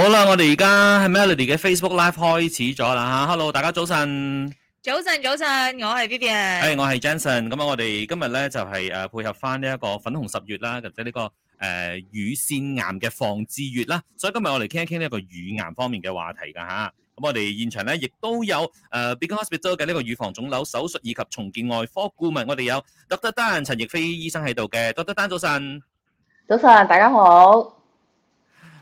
好啦，我哋而家係 Melody 嘅 Facebook Live 開始咗啦吓，Hello，大家早晨，早晨早晨，我係 Vivian，誒，hey, 我係 Jason，咁啊，我哋今日咧就係、是、誒配合翻呢一個粉紅十月啦，或者呢、這個誒、呃、乳腺癌嘅防治月啦，所以今日我嚟傾一傾呢一個乳癌方面嘅話題噶吓，咁我哋現場咧亦都有誒 Big Hospital 嘅呢個乳房腫瘤手術以及重建外科顧問，我哋有 Dr. Dan 陳奕飛醫生喺度嘅，Dr. Dan 早晨，早晨，大家好。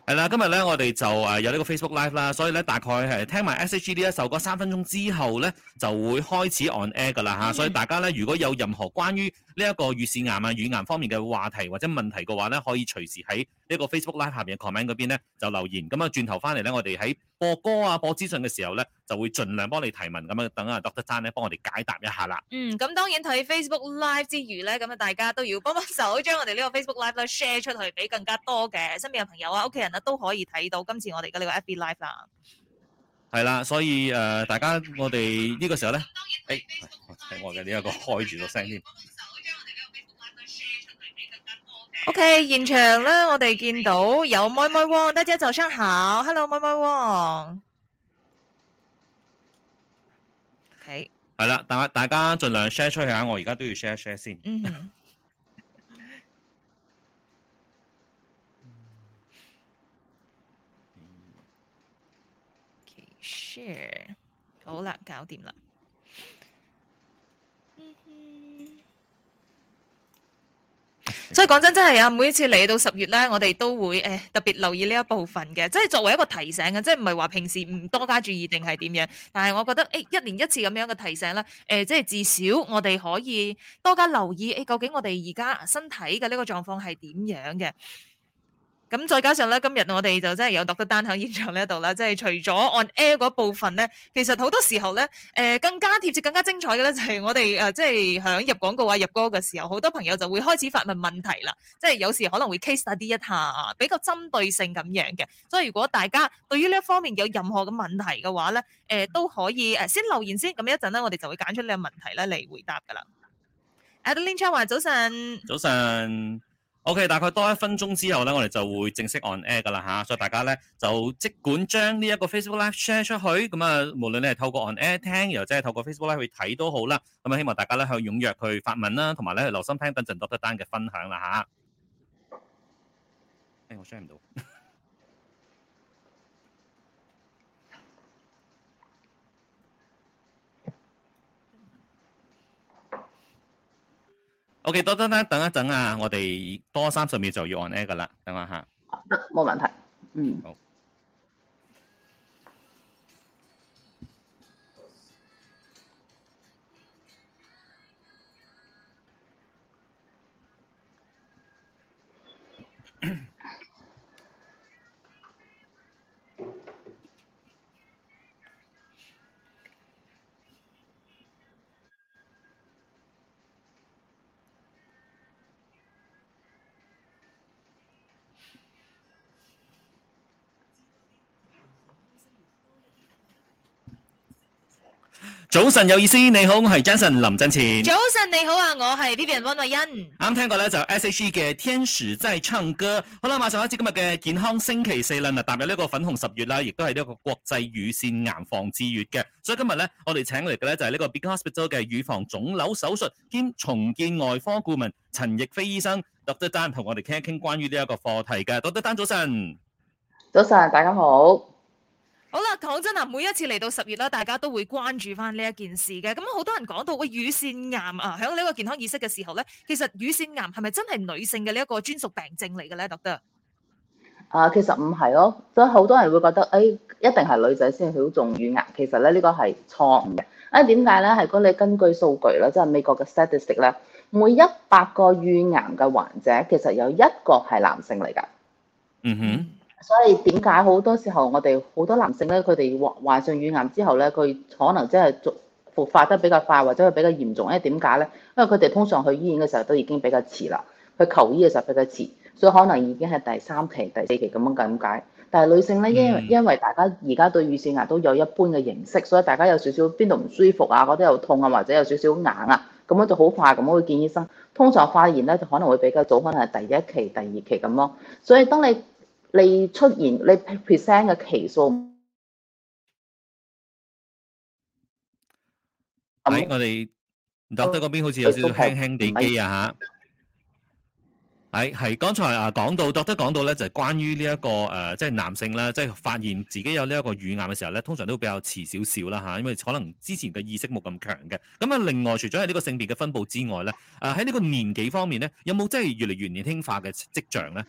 係啦，今日咧我哋就、呃、有呢個 Facebook Live 啦，所以大概聽聽埋 S H G 呢一首歌三分鐘之後咧就會開始 on air 㗎啦、啊、所以大家咧如果有任何關於呢一個乳腺癌啊、乳癌方面嘅話題或者問題嘅話咧，可以隨時喺呢個 Facebook Live 下面嘅 comment 嗰邊咧就留言。咁啊，轉頭翻嚟咧，我哋喺播歌啊、播資訊嘅時候咧，就會盡量幫你提問。咁啊，等啊 Dr. Chan 咧幫我哋解答一下啦。嗯，咁當然睇 Facebook Live 之餘咧，咁啊大家都要幫幫手，將我哋呢個 Facebook Live 咧 share 出去，俾更加多嘅身邊嘅朋友啊、屋企人啊都可以睇到今次我哋嘅呢個 FB Live 啦。係啦，所以誒、呃，大家我哋呢個時候咧，誒、哎，哎、我嘅呢一個開住個聲添。O.K. 現場咧，我哋見到有咪咪王，得姐早上好，Hello 咪咪王。係、okay，係啦，大大家盡量 share 出去吓！我而家都要 share share 先。嗯。Okay，share，好啦，搞掂啦。所以講真，真係啊，每一次嚟到十月咧，我哋都會誒、欸、特別留意呢一部分嘅，即係作為一個提醒呀，即係唔係話平時唔多加注意定係點樣？但係我覺得誒、欸、一年一次咁樣嘅提醒咧，誒、欸、即係至少我哋可以多加留意誒、欸，究竟我哋而家身體嘅呢個狀況係點樣嘅？咁再加上咧，今日我哋就真係有落得單喺現場呢一度啦。即係除咗 on air 嗰部分咧，其實好多時候咧，誒、呃、更加貼切、更加精彩嘅就係我哋誒、呃、即係響入廣告啊、入歌嘅時候，好多朋友就會開始發問問題啦。即係有時可能會 case 下啲一下，比較針對性咁樣嘅。所以如果大家對於呢一方面有任何嘅問題嘅話咧，誒、呃、都可以誒先留言先。咁一陣咧，我哋就會揀出呢個問題咧嚟回答嘅啦。a d a Lin Chang 話，早晨。早晨。早晨。OK，大概多一分鐘之後咧，我哋就會正式 on air 噶啦嚇，所以大家咧就即管將呢一個 Facebook Live share 出去，咁啊，無論你係透過 on air 聽，又或者係透過 Facebook Live 去睇都好啦，咁啊，希望大家咧向踴躍去發問啦，同埋咧去留心聽等陣 doctor Dan 嘅分享啦吓，誒、啊哎，我 share 唔到。 O.K.，多等等，等一等啊，我哋多三十秒就要按 A 個啦，等下嚇。得，冇問題。嗯。好。早晨有意思，你好，我係 Jason 林振前。早晨你好啊，我係 Vivian 溫慧欣。啱聽過咧就 S H G 嘅天使在唱歌。好啦，馬上開始今日嘅健康星期四啦，嗱，踏入呢個粉紅十月啦，亦都係呢一個國際乳腺癌防治月嘅。所以今日咧，我哋請嚟嘅咧就係呢個 Big Hospital 嘅乳房腫瘤手術兼重建外科顧問陳奕菲醫生，doctor Dan 同我哋傾一傾關於呢一個課題嘅。doctor Dan 早晨，早晨大家好。好啦，講真啊，每一次嚟到十月啦，大家都會關注返呢一件事嘅。咁、嗯、好多人講到個乳腺癌啊，喺呢個健康意識嘅時候咧，其實乳腺癌係咪真係女性嘅呢一個專屬病症嚟嘅咧？特得啊，其實唔係咯，所以好多人會覺得誒、哎，一定係女仔先好重乳癌。其實咧呢個係錯誤嘅。啊，點解咧？係如果你根據數據啦，即、就、係、是、美國嘅 statistics 咧，每一百個乳癌嘅患者，其實有一個係男性嚟噶。嗯哼、mm。Hmm. 所以點解好多時候我哋好多男性咧，佢哋患患上乳癌之後咧，佢可能真係復發得比較快，或者佢比較嚴重，因為點解咧？因為佢哋通常去醫院嘅時候都已經比較遲啦，去求醫嘅時候比較遲，所以可能已經係第三期、第四期咁樣咁解。但係女性咧，因因為大家而家對乳腺癌都有一般嘅認識，所以大家有少少邊度唔舒服啊，嗰啲又痛啊，或者有少少硬啊，咁樣就好快咁去見醫生。通常發現咧，就可能會比較早，可能係第一期、第二期咁咯、啊。所以當你你出現你 percent 嘅期數，喺、嗯哎、我哋教授嗰邊好似有少少輕輕地機啊嚇！係係、嗯，剛才啊講到教授講到咧、這個呃，就係關於呢一個誒，即係男性咧，即係發現自己有呢一個乳癌嘅時候咧，通常都比較遲少少啦嚇，因為可能之前嘅意識冇咁強嘅。咁啊，另外除咗喺呢個性別嘅分佈之外咧，誒喺呢個年紀方面咧，有冇即係越嚟越年輕化嘅跡象咧？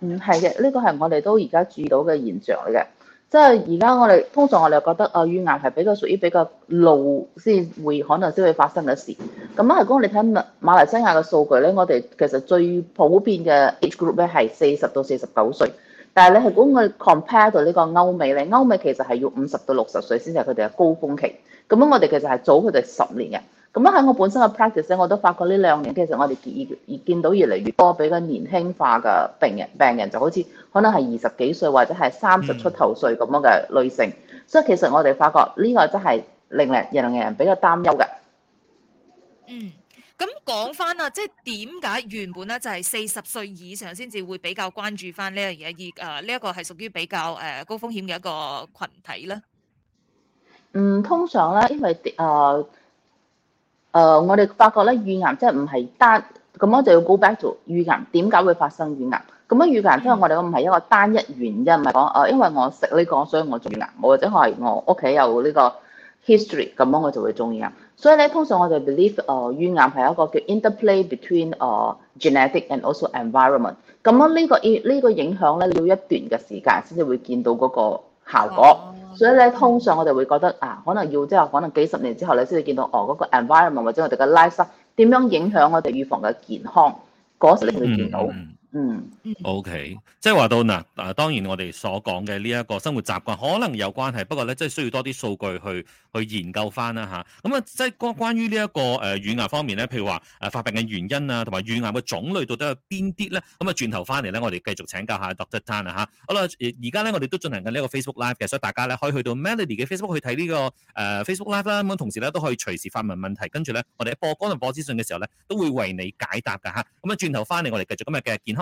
嗯，係嘅，呢個係我哋都而家注意到嘅現象嚟嘅，即係而家我哋通常我哋覺得啊，乳癌係比較屬於比較老先會可能先會發生嘅事。咁啊，如果你睇馬馬來西亞嘅數據咧，我哋其實最普遍嘅 age group 咧係四十到四十九歲，但係你係講我 compare 到呢個歐美咧，歐美其實係要五十到六十歲先至係佢哋嘅高峰期。咁樣我哋其實係早佢哋十年嘅。咁樣喺我本身嘅 practice 咧，我都發覺呢兩年其實我哋越越見到越嚟越多比較年輕化嘅病人，病人就好似可能係二十幾歲或者係三十出頭歲咁樣嘅女性。所以其實我哋發覺呢個真係令令人人比較擔憂嘅。嗯，咁講翻啊，即係點解原本咧就係四十歲以上先至會比較關注翻呢樣嘢，而誒呢一個係屬於比較誒高風險嘅一個群體咧？嗯，通常咧，因為誒。呃誒，uh, 我哋發覺咧，乳癌即係唔係單咁我就要 go back 做乳癌點解會發生乳癌？咁樣乳癌即係我哋唔係一個單一原因嚟講。誒，uh, 因為我食呢、這個，所以我中乳癌；我或者我係我屋企有呢個 history，咁樣我就會中乳癌。所以咧，通常我哋 believe 誒乳癌係一個叫 interplay between 誒、uh, genetic and also environment 這、這個。咁樣呢個影呢個影響咧，要有一段嘅時間先至會見到嗰、那個，效果，所以咧，通常我哋會覺得啊，可能要即係可能幾十年之後你先至見到哦，嗰個 environment 或者我哋嘅 lifestyle 點樣影響我哋預防嘅健康，嗰時你會見到。嗯，OK，即係話到嗱，誒，當然我哋所講嘅呢一個生活習慣可能有關係，不過咧即係需要多啲數據去去研究翻啦吓。咁啊，嗯、即係關關於呢一個誒乳癌方面咧，譬如話誒、啊、發病嘅原因啊，同埋乳癌嘅種類到底有邊啲咧？咁、嗯、啊，轉頭翻嚟咧，我哋繼續請教下 Dr. Tan 啦、啊、吓。好啦，而家咧我哋都進行緊呢一個 Facebook Live 嘅，所以大家咧可以去到 Melody 嘅 Facebook 去睇呢個誒 Facebook Live 啦。咁同時咧都可以隨時發問問題，跟住咧我哋喺播歌同播資訊嘅時候咧都會為你解答噶吓。咁啊轉頭翻嚟，我哋繼續今日嘅健康。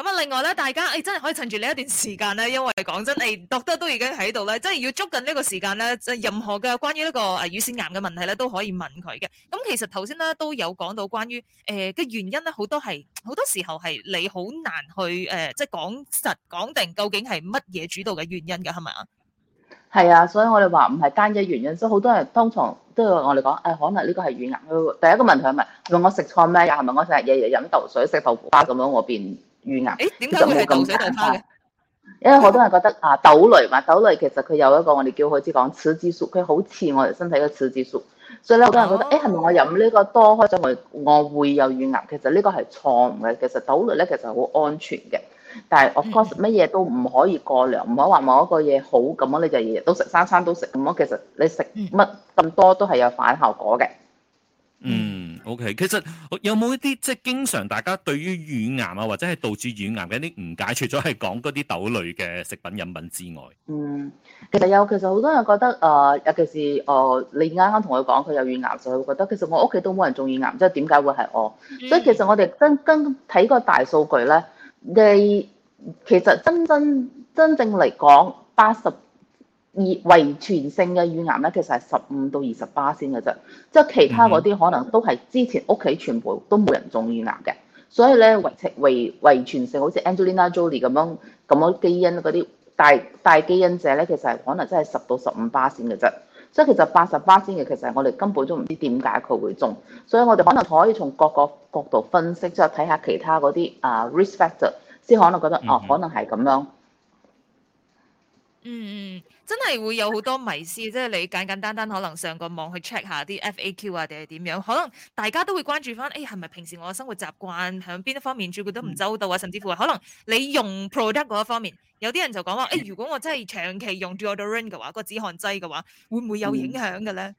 咁啊！另外咧，大家你、哎、真係可以趁住呢一段時間咧，因為講真，你、哎、doctor 都已經喺度咧，真係要捉緊呢個時間咧。任何嘅關於呢個誒乳腺癌嘅問題咧，都可以問佢嘅。咁、嗯、其實頭先咧都有講到關於誒嘅、呃、原因咧，好多係好多時候係你好難去誒、呃，即係講實講定究竟係乜嘢主導嘅原因嘅，係咪啊？係啊，所以我哋話唔係單一原因，所以好多人通常都係我哋講誒，可能呢個係乳癌、那個。第一個問題係咪問我食錯咩？係咪我成日日日飲豆水食豆腐花咁樣我，我變？乳癌就冇咁大，因為好多人覺得啊，豆類嘛。豆類其實佢有一個我哋叫開始講雌激素，佢好似我哋身體嘅雌激素，所以咧好多人覺得，誒係咪我飲呢、哦欸、個多開咗我我會有乳癌？其實呢個係錯誤嘅，其實豆類咧其實好安全嘅，但係我確實乜嘢都唔可以過量，唔好話某一個嘢好咁樣你就日日都食，餐餐都食咁樣，其實你食乜咁多都係有反效果嘅。嗯。O、okay. K，其實有冇一啲即係經常大家對於乳癌啊，或者係導致乳癌嘅一啲誤解，除咗係講嗰啲豆類嘅食品飲品之外，嗯，其實有其實好多人覺得誒、呃，尤其是誒、呃，你啱啱同我講佢有乳癌，就佢會覺得其實我屋企都冇人中乳癌，即係點解會係我？嗯、所以其實我哋真真睇個大數據咧，你其實真真真正嚟講八十。而遺傳性嘅乳癌咧，其實係十五到二十巴仙嘅啫，即係其他嗰啲可能都係之前屋企全部都冇人中乳癌嘅，所以咧遺，遺，遺傳遺遺性好似 Angelina Jolie 咁樣咁樣基因嗰啲帶帶基因者咧，其實係可能真係十到十五巴仙嘅啫，所以其實八十巴仙嘅其實係我哋根本都唔知點解佢會中，所以我哋可能可以從各個角度分析，即係睇下其他嗰啲啊 risk factor，先可能覺得哦、呃，可能係咁樣。嗯嗯真係會有好多迷思，即係你簡簡單單單可能上個網去 check 下啲 FAQ 啊，定係點樣？可能大家都會關注翻，誒係咪平時我嘅生活習慣響邊一方面照顧得唔周到啊？甚至乎可能你用 product 嗰一方面，有啲人就講話，誒、哎、如果我真係長期用 deodorant 嘅話，個止汗劑嘅話，會唔會有影響嘅咧？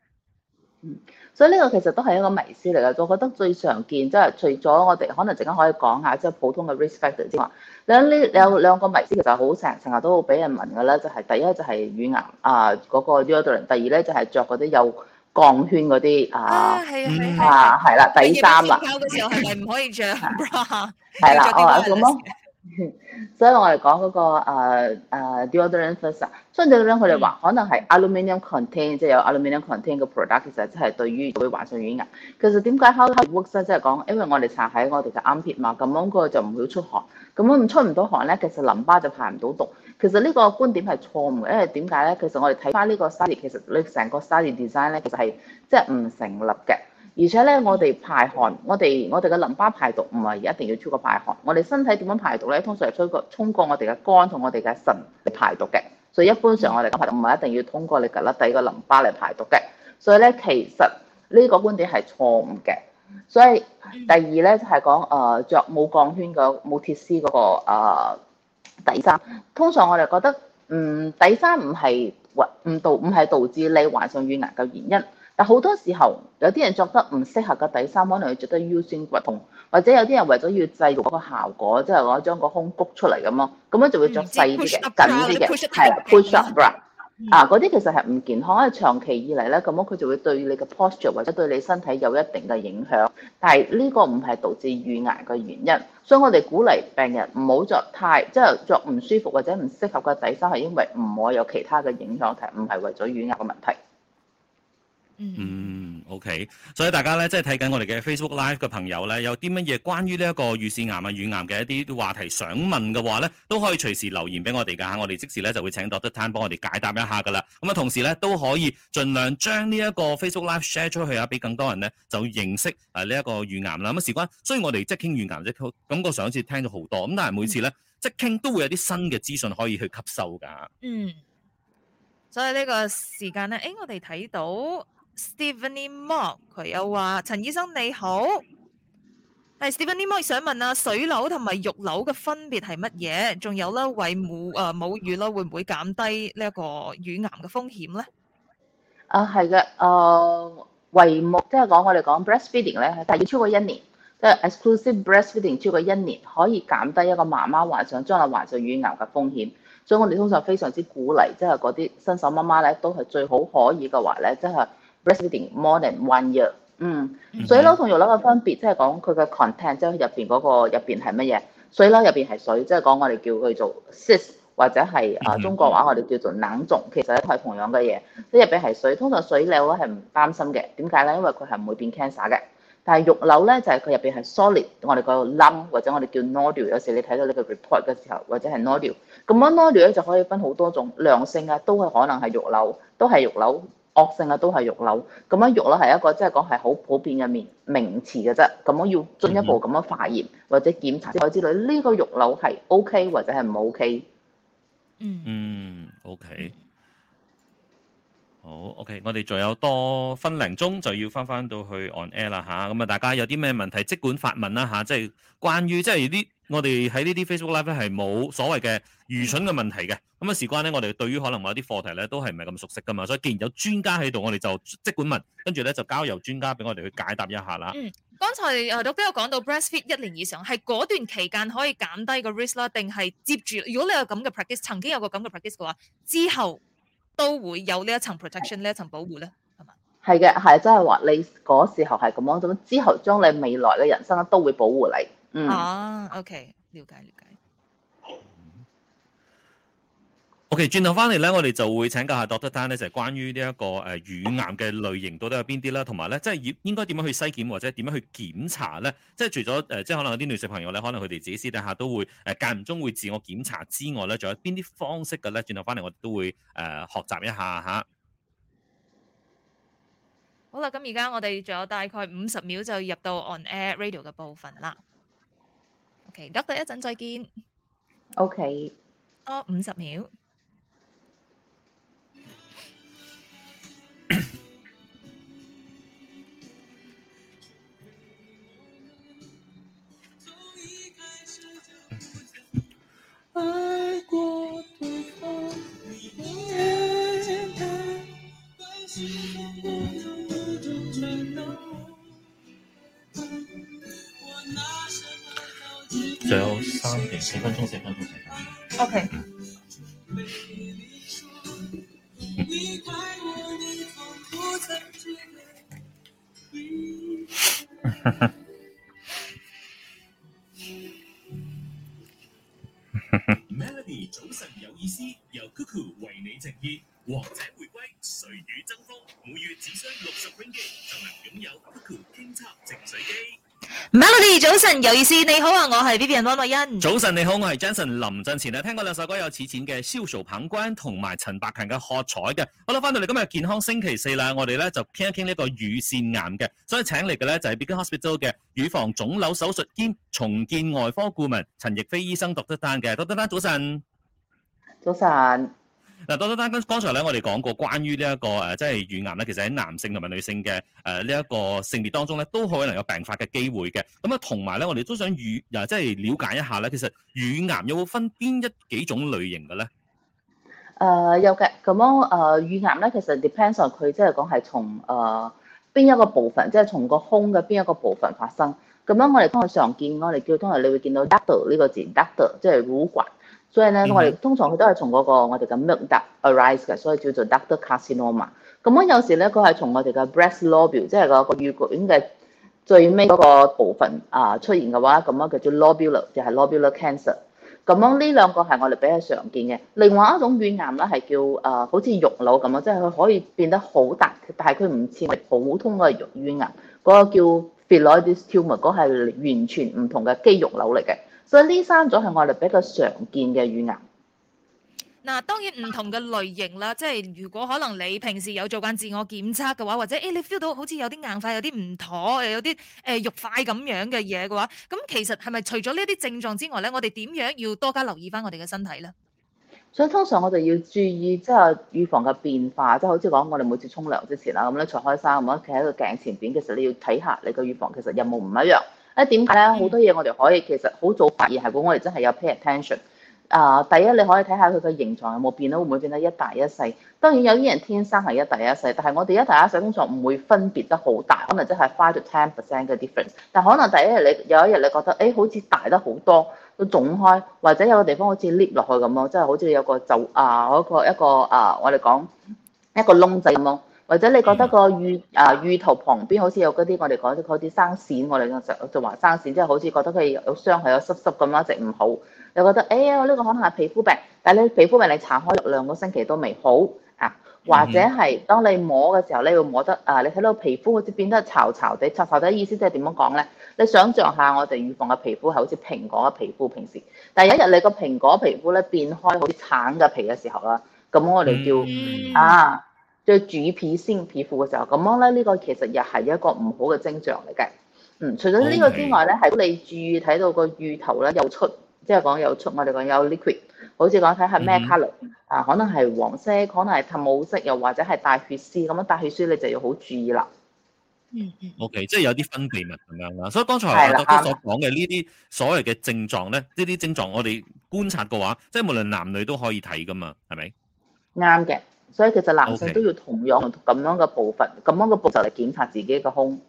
嗯，所以呢個其實都係一個迷思嚟嘅。我覺得最常見即係除咗我哋可能陣間可以講下，即係普通嘅 risk factor 之外。兩呢有兩個迷思其實好成成日都會俾人問噶啦，就係第一就係乳癌啊嗰個 deodorant。第二咧就係着嗰啲有鋼圈嗰啲、uh, 啊啊係啦底衫啦。熱氣係咪唔可以著 bra 啦，我咁咯。所以我哋講嗰個誒誒 deodorant first，所以啲人佢哋話可能係 aluminium contain 即係有 aluminium contain 嘅 product，其實即係對於會患上乳癌。其實點解 how it works，即係講，因為我哋查喺我哋嘅 arm pit 嘛，咁樣佢就唔會出汗。咁唔出唔到汗咧，其實淋巴就排唔到毒。其實呢個觀點係錯誤嘅，因為點解咧？其實我哋睇翻呢個 study，其實你成個 study design 咧，其實係即係唔成立嘅。而且咧，我哋排汗，我哋我哋嘅淋巴排毒唔係一定要超過排汗。我哋身體點樣排毒咧？通常係通過通過我哋嘅肝同我哋嘅腎嚟排毒嘅。所以一般上我哋嘅排毒唔係一定要通過你吉甩底個淋巴嚟排毒嘅。所以咧，其實呢個觀點係錯誤嘅。所以第二咧就係講誒著冇鋼圈嘅冇鐵絲嗰個誒底衫。通常我哋覺得嗯底衫唔係唔導唔係導致你患上乳癌嘅原因，但好多時候有啲人着得唔適合嘅底衫，可能佢着得腰酸骨痛，或者有啲人為咗要製造個效果，即係我將個胸谷出嚟咁咯，咁樣就會着細啲嘅緊啲嘅，係 p 啊，嗰啲其實係唔健康，因為長期以嚟咧，咁樣佢就會對你嘅 posture 或者對你身體有一定嘅影響。但係呢個唔係導致乳癌嘅原因，所以我哋鼓勵病人唔好着太，即係着唔舒服或者唔適合嘅底衫，係因為唔可有，有其他嘅影響，係唔係為咗乳癌嘅問題？Mm hmm. 嗯，OK。所以大家咧，即係睇緊我哋嘅 Facebook Live 嘅朋友咧，有啲乜嘢關於呢一個乳腺癌啊、乳癌嘅一啲話題想問嘅話咧，都可以隨時留言俾我哋㗎嚇。我哋即時咧就會請 Doctor Tan 幫我哋解答一下㗎啦。咁、嗯、啊，同時咧都可以盡量將呢一個 Facebook Live share 出去啊，俾更多人咧就認識啊呢一個乳癌啦。咁、嗯、啊，事關所以我哋即係傾乳癌，即咁，我上一次聽咗好多。咁但係每次咧，mm hmm. 即係傾都會有啲新嘅資訊可以去吸收㗎。嗯、mm，hmm. 所以呢個時間咧，誒，我哋睇到。Stephanie Mo，佢又話陳醫生你好，係 Stephanie Mo 想問啊，水瘤同埋肉瘤嘅分別係乜嘢？仲有咧，喂母啊母乳咧，會唔會減低呢一個乳癌嘅風險咧？啊係嘅，誒喂、呃、母即係講我哋講 breastfeeding 咧，但係超過一年即係、就是、exclusive breastfeeding 超過一年，可以減低一個媽媽患上將來患上乳癌嘅風險，所以我哋通常非常之鼓勵，即係嗰啲新手媽媽咧，都係最好可以嘅話咧，即係。Residing more than one year，嗯，水瘤同肉瘤嘅分別，即係講佢嘅 content，即係入邊嗰個入邊係乜嘢？水瘤入邊係水，即係講我哋叫佢做 cyst 或者係啊中國話我哋叫做囊腫，其實咧係同樣嘅嘢，即係入邊係水。通常水瘤咧係唔擔心嘅，點解咧？因為佢係唔會變 cancer 嘅。但係肉瘤咧就係、是、佢入邊係 solid，我哋個 lump，或者我哋叫 nodule，有時你睇到呢個 report 嘅時候，或者係 nodule，咁 nodule 咧就可以分好多種，良性啊都係可能係肉瘤，都係肉瘤。惡性啊都係肉瘤，咁樣肉瘤係一個即係講係好普遍嘅名名詞嘅啫，咁我要進一步咁樣化驗或者檢查之類之類，呢個肉瘤係 OK 或者係唔 OK？嗯嗯，OK，好 OK，我哋仲有多分零鐘就要返返到去 on air 啦吓，咁啊大家有啲咩問題即管發問啦吓，即係關於即係啲。我哋喺呢啲 Facebook Live 係冇所謂嘅愚蠢嘅問題嘅。咁啊，事關咧，我哋對於可能某啲課題咧，都係唔係咁熟悉噶嘛。所以既然有專家喺度，我哋就即管問，跟住咧就交由專家俾我哋去解答一下啦。嗯，剛才誒、啊、都都有講到 breastfeed 一年以上，係嗰段期間可以減低個 risk 啦，定係接住如果你有咁嘅 practice，曾經有個咁嘅 practice 嘅話，之後都會有呢一層 protection，呢一層的保護咧，係嘛吧？係嘅，係即係話你嗰時候係咁樣，咁之後將你未來嘅人生咧都會保護你。哦、嗯啊、，OK，了解了解。OK，轉頭翻嚟咧，我哋就會請教下 Doctor Tan 咧，就係關於呢、這、一個誒、呃、乳癌嘅類型到底有邊啲啦，同埋咧，即係應應該點樣去篩檢或者點樣去檢查咧？即係除咗誒、呃，即係可能有啲女性朋友咧，可能佢哋自己私底下都會誒、呃、間唔中會自我檢查之外咧，仲有邊啲方式嘅咧？轉頭翻嚟我哋都會誒、呃、學習一下嚇。好啦，咁而家我哋仲有大概五十秒就入到 On Air Radio 嘅部分啦。得嘅，一陣再見。O.K. 我五十秒。仲有三、四分鐘，四分鐘，四分鐘。O K。Melody，早晨有意思，由 Cuckoo 為你呈現王者回歸，誰與爭鋒？每月只需六十 Ringgit 就能擁有 Cuckoo 輕測淨水機。 Melody 早晨，尤意思，你好啊，我係 B B 人溫樂欣。早晨，你好，我係 Johnson。臨進前咧，聽過兩首歌，有淺淺嘅消韶棒君，同埋陳百強嘅喝彩嘅。好啦，翻到嚟今日健康星期四啦，我哋咧就傾一傾呢個乳腺癌嘅，所以請嚟嘅咧就係 B B Hospital 嘅乳房腫瘤手術兼重建外科顧問陳奕飛醫，醫生讀得單嘅，讀得單，早晨，早晨。嗱，多多單，咁剛才咧，我哋講過關於呢一個誒，即係乳癌咧，其實喺男性同埋女性嘅誒呢一個性別當中咧，都可能有病發嘅機會嘅。咁啊，同埋咧，我哋都想乳，嗱，即係了解一下咧，其實乳癌有冇分邊一幾種類型嘅咧？誒、呃，有嘅。咁樣誒、呃，乳癌咧，其實 depends on 佢，即係講係從誒邊、呃、一個部分，即、就、係、是、從個胸嘅邊一個部分發生。咁樣我哋通常常見，我哋叫通常你會見到 duct 呢個字，duct 即係乳所以咧，我哋通常佢都係從嗰、那個我哋嘅 milk duct arise 嘅，所以叫做 ductal carcinoma。咁樣有時咧，佢係從我哋嘅 breast lobule，即係個個乳管嘅最尾嗰個部分啊出現嘅話，咁樣叫 lobular，就係 lobular cancer。咁樣呢兩個係我哋比較常見嘅。另外一種乳癌咧，係叫啊、呃，好似肉瘤咁啊，即係佢可以變得好大，但係佢唔似普通嘅肉乳癌，嗰、那個叫 phyllodes tumor，嗰係完全唔同嘅肌肉瘤嚟嘅。所以呢三種係我哋比較常見嘅乳癌。嗱，當然唔同嘅類型啦，即係如果可能你平時有做緊自我檢測嘅話，或者誒你 feel 到好似有啲硬塊、有啲唔妥、誒有啲誒、呃、肉塊咁樣嘅嘢嘅話，咁其實係咪除咗呢啲症狀之外咧，我哋點樣要多加留意翻我哋嘅身體咧？所以通常我哋要注意即係乳房嘅變化，即係好似講我哋每次沖涼之前啦，咁咧除開衫咁樣企喺個鏡前面，其實你要睇下你個乳房其實有冇唔一樣。誒點解咧？好、哎、多嘢我哋可以其實好早發現係噉，我哋真係有 pay attention、呃。啊，第一你可以睇下佢個形狀有冇變到會唔會變得一大一細？當然有啲人天生係一大一細，但係我哋一大一細通常唔會分別得好大，可能真係 five to ten percent 嘅 difference。但可能第一日你有一日你覺得，誒、哎、好似大得好多，都腫開，或者有個地方好似裂落去咁咯，即、就、係、是、好似有個就啊嗰個一個，啊、那個、一個啊，我哋講一個窿仔咁咯。或者你覺得個乳啊乳頭旁邊好似有嗰啲我哋講啲好似生線，我哋就就話生線，即係好似覺得佢有傷，係有濕濕咁一直唔好，又覺得哎呀，呢、欸、個可能係皮膚病，但係呢皮膚病你搽開兩個星期都未好啊，或者係當你摸嘅時候咧，你會摸得啊，你睇到皮膚好似變得巢巢地，巢巢地意思即係點樣講咧？你想象下我哋乳房嘅皮膚係好似蘋果嘅皮膚平時，但有一日你個蘋果皮膚咧變開好似橙嘅皮嘅時候啦，咁我哋叫啊～在主皮先皮膚嘅時候，咁樣咧，呢個其實又係一個唔好嘅症狀嚟嘅。嗯，除咗呢個之外咧，係 Okay. 你注意睇到個乳頭咧又出，即係講又出，我哋講有 liquid，好似講睇下咩 color 啊，可能係黃色，可能係淡黃色，又或者係帶血絲咁樣帶血絲，你就要好注意啦。嗯嗯。OK，即係有啲分泌物咁樣啦。所以剛才我頭先所講嘅呢啲所謂嘅症狀咧，呢啲症狀我哋觀察嘅話，即係無論男女都可以睇噶嘛，係咪？啱嘅。所以其實男性都要同樣用咁樣嘅步伐、咁樣嘅步驟嚟 Okay. 檢查自己嘅胸。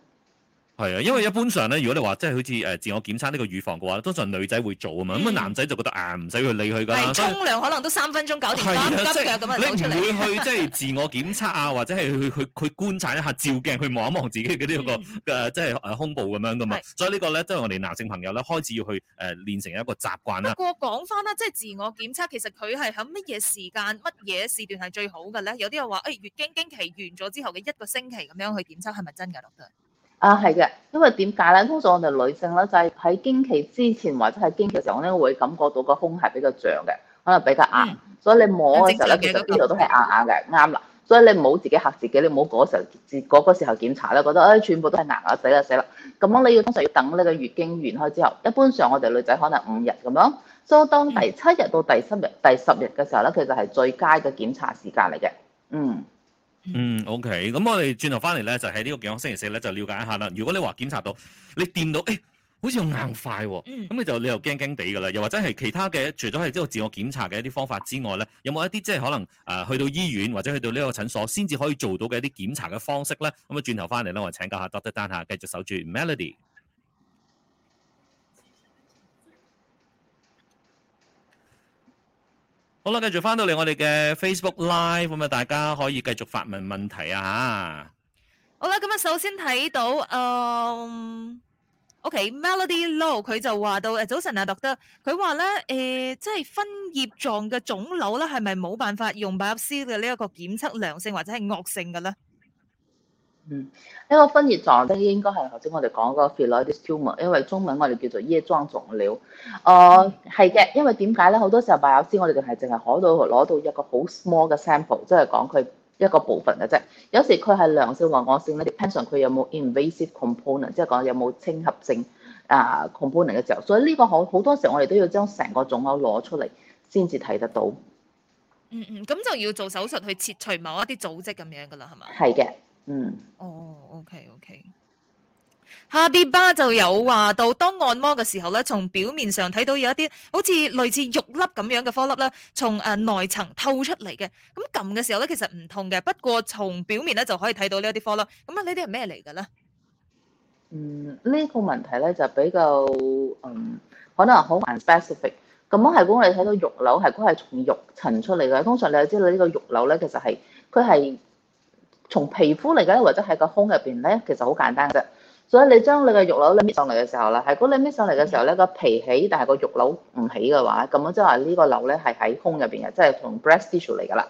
係啊，因為一般上咧，如果你話即係好似誒自我檢測呢個預防嘅話，通常女仔會做啊嘛，咁啊、嗯、男仔就覺得啊唔使去理佢噶啦，沖涼的以可能都三分鐘搞掂，洗腳咁啊，你唔會去 即係自我檢測啊，或者係去去去觀察一下，照鏡去望一望自己嗰啲有個誒、嗯呃、即係誒胸部咁樣噶嘛。的所以個呢個咧即係我哋男性朋友咧開始要去誒練成一個習慣啦。不過講翻啦，即、就、係、是、自我檢測，其實佢係喺乜嘢時間、乜嘢時段係最好嘅咧？有啲人話誒、欸、月經經期完咗之後嘅一個星期咁樣去檢測係咪真噶？落得？啊，係嘅，因為點解咧？通常我哋女性咧，就係喺經期之前或者喺經期時候咧，我會感覺到個胸係比較脹嘅，可能比較硬。嗯、所以你摸嘅時候咧，嗯、整整其實邊度都係硬硬嘅，啱啦。嗯、所以你唔好自己嚇自己，你唔好嗰時候自嗰、嗰個時候檢查咧，覺得啊、哎，全部都係硬硬，死啦死啦。咁樣你要通常要等呢個月經完開之後，一般上我哋女仔可能五日咁樣。所以當第七日到第十日嘅、嗯、時候咧，其實係最佳嘅檢查時間嚟嘅，嗯。嗯，OK，咁我哋轉頭翻嚟咧，就喺、是、呢個健康星期四咧，就了解一下啦。如果你話檢查到你掂到，誒、欸，好似有硬塊喎、哦，咁你就你又驚驚地噶啦。又或者係其他嘅，除咗係呢個自我檢查嘅一啲方法之外咧，有冇一啲即係可能誒、呃、去到醫院或者去到呢個診所先至可以做到嘅一啲檢查嘅方式咧？咁、嗯、啊，轉頭翻嚟咧，我哋請教下 Doctor Dan 嚇，繼續守住 Melody。好啦，繼續翻到嚟我哋嘅 Facebook Live，咁啊大家可以繼續發問問題啊！好啦，咁啊首先睇到誒、嗯、OK，Melody、okay, Low 佢就話到誒、呃、早晨啊，Doctor，佢話咧誒，即係分葉狀嘅腫瘤咧，係咪冇辦法用白血絲嘅呢一個檢測良性或者係惡性嘅咧？嗯，一個分葉狀的應該係頭先我哋講個 phyllodes tumour 因為中文我哋叫做葉狀腫瘤。哦、呃，係嘅，因為點解咧？好多時候白友師我哋就係淨係攞到攞到一個好 small 嘅 sample，即係講佢一個部分嘅啫。有時佢係良性或惡性咧，depends on 佢有冇 invasive component，即係講有冇侵襲性啊、uh, component 嘅時候，所以呢個好好多時候我哋都要將成個腫瘤攞出嚟先至睇得到。嗯嗯，咁、嗯、就要做手術去切除某一啲組織咁樣噶啦，係嘛？係嘅。嗯，哦，OK，OK。下啲巴就有話到，當按摩嘅時候咧，從表面上睇到有一啲好似類似肉粒咁樣嘅顆粒咧，從誒內層透出嚟嘅。咁撳嘅時候咧，其實唔痛嘅。不過從表面咧就可以睇到呢一啲顆粒。咁啊，呢啲係咩嚟嘅咧？嗯，呢、這個問題咧就比較，嗯，可能好難 specific。咁樣係講你睇到肉瘤，係講係從肉層出嚟嘅。通常你又知道呢個肉瘤咧，其實係，佢係。從皮膚嚟嘅，或者喺個胸入邊咧，其實好簡單嘅。所以你將你嘅肉瘤咧搣上嚟嘅時候啦，係如果你搣上嚟嘅時候咧，個皮起，但係個肉瘤唔起嘅話，咁樣即係話呢個瘤咧係喺胸入邊嘅，即係同 breast tissue 嚟㗎啦。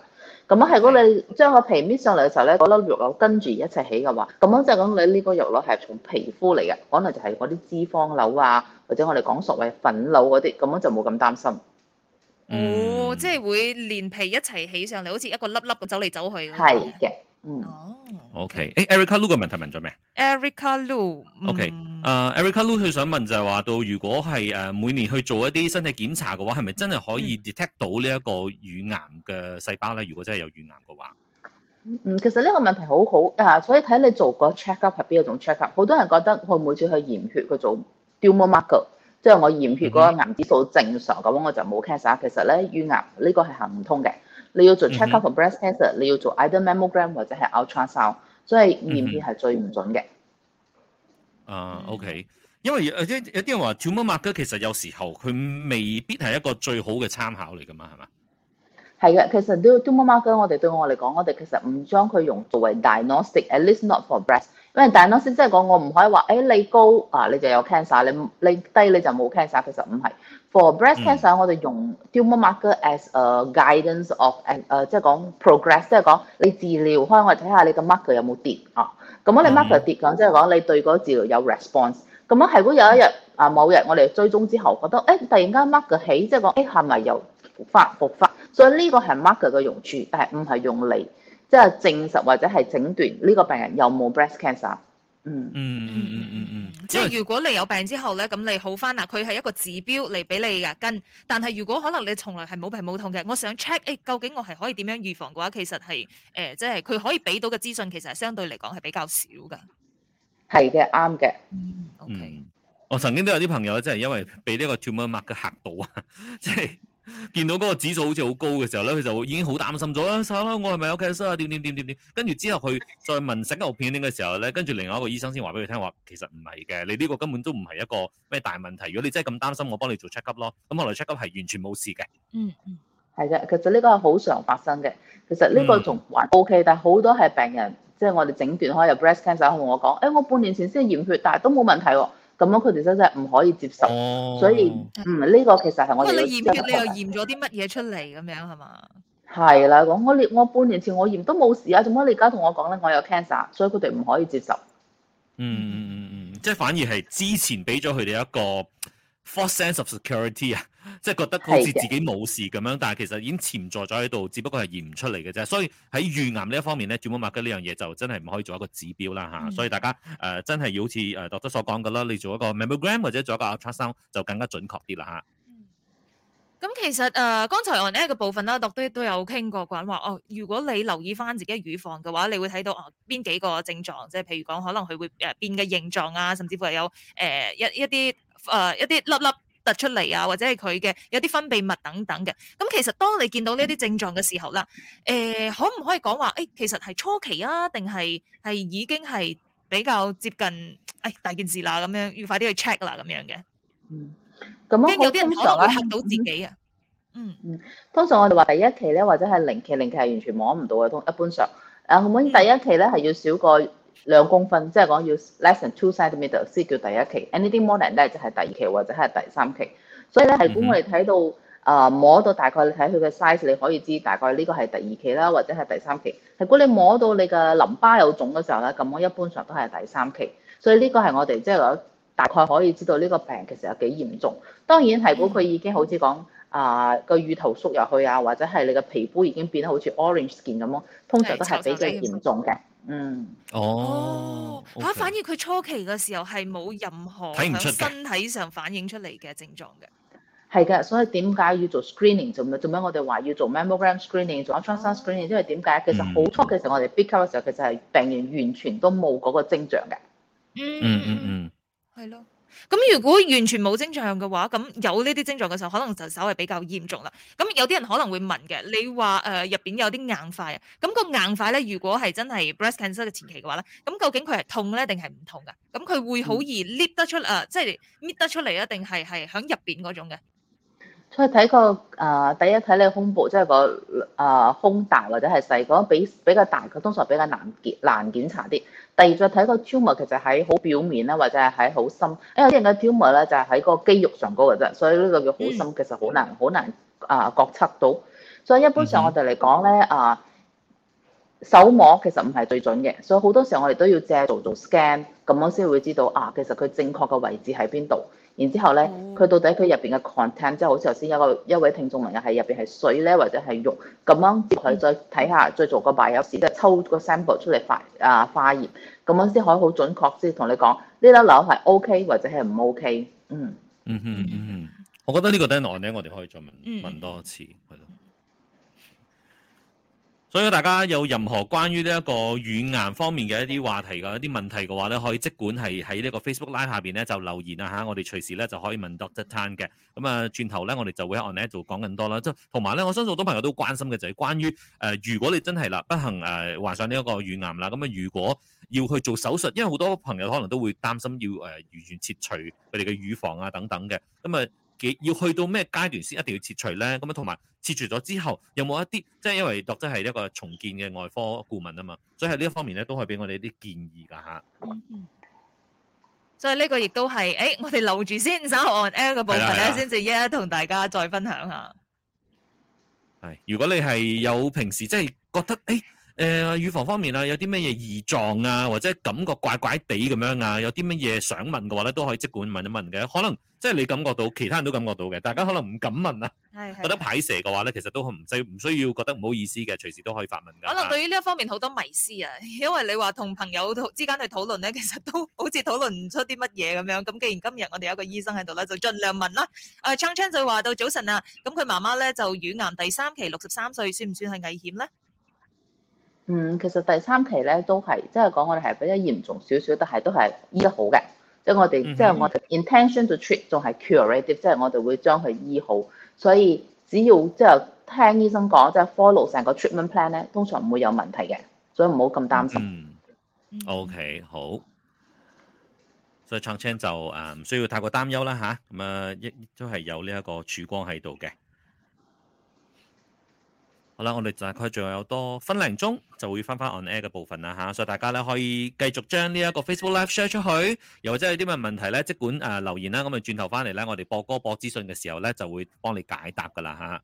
咁樣係如果你將個皮搣上嚟嘅時候咧，嗰粒肉瘤跟住一齊起嘅話，咁樣即係講你呢個肉瘤係從皮膚嚟嘅，可能就係嗰啲脂肪瘤啊，或者我哋講所謂粉瘤嗰啲，咁樣就冇咁擔心。哦、嗯，即係會連皮一齊起上嚟，好似一個粒粒咁走嚟走去。係嘅。哦，OK，誒、hey, Erica Lu 嘅問題問咗咩 Erica Lu，OK，誒 Erica Lu 佢想問就係話到，如果係誒每年去做一啲身體檢查嘅話，係咪真係可以 detect 到呢一個乳癌嘅細胞咧？如果真係有乳癌嘅話，嗯，其實呢個問題好好吓，所以睇你做個 checkup 係邊一種 checkup，好多人覺得我每次去驗血去做 tumor marker，即係我驗血嗰個癌指數正常咁，嗯、哼樣我就冇 cancer。其實咧，乳癌呢個係行唔通嘅。你要做 checkup for breast cancer，、嗯、哼你要做 either mammogram 或者係 ultrasound 所以驗片係最唔準嘅。啊，OK，、嗯、因為有啲有啲人話，tumor marker 其實有時候佢未必係一個最好嘅參考嚟噶嘛，係嘛？係 嘅， 其實都 tumor marker，我哋對我嚟講，我哋其實唔將佢用作為 diagnostic，at least not for breast，因為 diagnostic 即係講我唔可以話，誒、哎、你高，你高啊你就有 cancer，你你，你你低你，你就冇 cancer，其實唔係。For breast cancer，我哋用 tumor marker as a guidance of 誒誒，即係講 progress，即係講你治療開，我哋睇下你個 marker 有冇跌啊。咁樣你 marker 跌咁，即係講你對嗰治療有 response。咁樣係如果有一日啊某日我哋追蹤之後覺得，誒突然間 marker 起，即係講，誒係咪又復發？復發？所以呢個係 marker 嘅用處，但係唔係用嚟即係證實或者係診斷呢個病人有冇 breast cancer。嗯嗯嗯嗯嗯嗯，即係如果你有病之後咧，咁你好翻啦，佢係一個指標嚟俾你嘅跟。但係如果可能你從來係冇病冇痛嘅，我想 check 誒、欸，究竟我係可以點樣預防嘅話，其實係誒、呃，即係佢可以俾到嘅資訊，其實係相對嚟講係比較少噶。係嘅，啱嘅。嗯, okay、嗯，我曾經都有啲朋友即係、就是、因為俾呢個 tumor mark 嚇到啊，即係。見到嗰個指數好似好高嘅時候咧，佢就已經好擔心咗啦。慘啦，我係咪 OK 啊？點點點點點，跟住之後佢再問成個片影嘅時候咧，跟住另外一個醫生先話俾佢聽話，其實唔係嘅，你呢個根本都唔係一個咩大問題。如果你真係咁擔心，我幫你做 check up 咯。咁後來 check up 係完全冇事嘅。嗯嗯，係嘅。其實呢個係好常發生嘅。其實呢個仲還,還，還 O、OK, K，但係好多係病人，即係我哋診斷開有 breast cancer，同我講，誒、哎，我半年前先驗血，但係都冇問題喎、啊。咁樣佢哋真真唔可以接受，oh. 所以唔、呢、嗯，呢個其實係我，因為你驗血，你又驗咗啲乜嘢出嚟咁樣係嘛？係啦，咁我我半年前我驗都冇事啊，做乜你而家同我講咧，我有 cancer，所以佢哋唔可以接受。嗯嗯嗯嗯，即係反而係之前俾咗佢哋一個 false sense of security 啊。即係覺得好似自己冇事咁樣，但係其實已經潛在咗喺度，只不過係驗唔出嚟嘅啫。所以喺預癌呢一方面咧，唾沫墨嘅呢樣嘢就真係唔可以做一個指標啦吓。所以大家誒真係要好似誒 Doctor 所講噶啦，你做一個 mammogram 或者做一個 X 光就更加準確啲啦吓。咁其實誒剛才我呢一個部分啦，Doctor 都有傾過，講話哦，如果你留意翻自己乳房嘅話，你會睇到哦邊幾個症狀，即係譬如講可能佢會誒變嘅形狀啊，甚至乎係有誒一一啲誒一啲粒粒突出嚟啊，或者係佢嘅有啲分泌物等等嘅。咁其實當你見到呢啲症狀嘅時候啦，誒、呃，可唔可以講話誒，其實係初期啊，定係係已經係比較接近誒、哎、大件事啦，咁樣要快啲去 check 啦，咁樣嘅、嗯。嗯，咁有啲人想吓到自己啊。嗯嗯，通常我哋話第一期咧，或者係零期、零期係完全摸唔到嘅，通一般上誒，可能第一期咧係要少過。嗯嗯兩公分，即係講要 less than two centimeters 先叫第一期，anything more than that 就係第二期或者係第三期。所以咧，係、mm hmm. 估我哋睇到，誒、呃、摸到大概你睇佢嘅 size，你可以知大概呢個係第二期啦，或者係第三期。係估你摸到你嘅淋巴有腫嘅時候咧，咁我一般上都係第三期。所以呢個係我哋即係大概可以知道呢個病其實有幾嚴重。當然係估佢已經好似講。啊，個、呃、乳頭縮入去啊，或者係你個皮膚已經變得好似 orange skin 咁咯。通常都係比較嚴重嘅。嗯。哦。嚇！反而佢初期嘅時候係冇任何喺身體上反映出嚟嘅症狀嘅。係嘅，所以點解要做，screen 要做 screening？做咩？做咩？我哋話要做 mammogram screening，做阿穿山 screening，因為點解其實好初其候，我哋 B 級嘅時候，其實係病人完全都冇嗰個症狀嘅。嗯嗯嗯。係咯。咁如果完全冇症狀嘅話，咁有呢啲症狀嘅時候，可能就稍為比較嚴重啦。咁有啲人可能會問嘅，你話誒入邊有啲硬塊啊？咁個硬塊咧，如果係真係 breast cancer 嘅前期嘅話咧，咁究竟佢係痛咧，定係唔痛㗎？咁佢會好易 lift 得出誒、呃，即係搣得出嚟啊，定係係喺入邊嗰種嘅？所以睇個啊，第一睇你胸部，即係個啊胸大或者係細，個比比較大，佢通常比較難檢難檢查啲。第二再睇個 tumor，其實喺好表面咧，或者係喺好深，因為啲人嘅 tumor 咧就係喺個肌肉上高嘅啫，所以呢個叫好深，嗯、其實好難好難啊覺測到。所以一般上我哋嚟講咧啊，手摸其實唔係最準嘅，所以好多時候我哋都要借做做 scan，咁我先會知道啊，其實佢正確嘅位置喺邊度。然之後咧，佢到底佢入邊嘅 content，即係好似頭先有個一位聽眾問嘅，係入邊係水咧，或者係肉咁樣，佢再睇下，再做個擺有時即係抽個 sample 出嚟化啊化驗，咁樣先可以好準確先同你講呢粒瘤係 OK 或者係唔 OK 嗯嗯。嗯嗯嗯嗯，我覺得呢個點呢，我哋可以再問、嗯、問多次係咯。所以大家有任何關於呢一個乳癌方面嘅一啲話題嘅一啲問題嘅話咧，可以即管係喺呢個 Facebook Live 下邊咧就留言啊嚇，我哋隨時咧就可以問 doctor Tan 嘅。咁啊，轉頭咧我哋就會喺 online 度講更多啦。即係同埋咧，我相信好多朋友都關心嘅就係、是、關於誒、呃，如果你真係啦，不幸誒患上呢一個乳癌啦，咁啊，如果要去做手術，因為好多朋友可能都會擔心要誒、呃、完全切除佢哋嘅乳房啊等等嘅，咁啊。要去到咩階段先一定要切除咧？咁啊，同埋切除咗之後有冇一啲，即係因為作者係一個重建嘅外科顧問啊嘛，所以喺呢一方面咧都可以俾我哋一啲建議噶吓、嗯。所以呢個亦都係，誒、欸，我哋留住先，稍後 On air 嘅部分咧，先至一一同大家再分享下。係，如果你係有平時即係、就是、覺得誒，誒、欸，預、呃、防方面啊，有啲乜嘢異狀啊，或者感覺怪怪地咁樣啊，有啲乜嘢想問嘅話咧，都可以即管問一問嘅，可能。即係你感覺到，其他人都感覺到嘅。大家可能唔敢問啊，係係係覺得排蛇嘅話咧，其實都唔需唔需要覺得唔好意思嘅，隨時都可以發問㗎。可能對於呢一方面好多迷思啊，因為你話同朋友之間去討論咧，其實都好似討論唔出啲乜嘢咁樣。咁既然今日我哋有一個醫生喺度咧，就盡量問啦。誒，昌昌就話到早晨啊，咁佢媽媽咧就乳癌第三期，六十三歲，算唔算係危險咧？嗯，其實第三期咧都係，即係講我哋係比較嚴重少少，但係都係醫得好嘅。即係我哋，即係我哋 intention to treat 仲係 curative，即係我哋會將佢醫好，所以只要即係聽醫生講，即係 follow 成個 treatment plan 咧，通常唔會有問題嘅，所以唔好咁擔心。OK，好，所以創青就誒唔需要太過擔憂啦吓，咁啊，亦都係有呢一個曙光喺度嘅。我哋大概仲有多分零鐘就會翻翻 on air 嘅部分啦，吓、啊，所以大家咧可以繼續將呢一個 Facebook Live share 出去，又或者有啲乜問題咧，即管誒、呃、留言啦，咁啊轉頭翻嚟咧，我哋播歌播資訊嘅時候咧，就會幫你解答噶啦，吓、啊。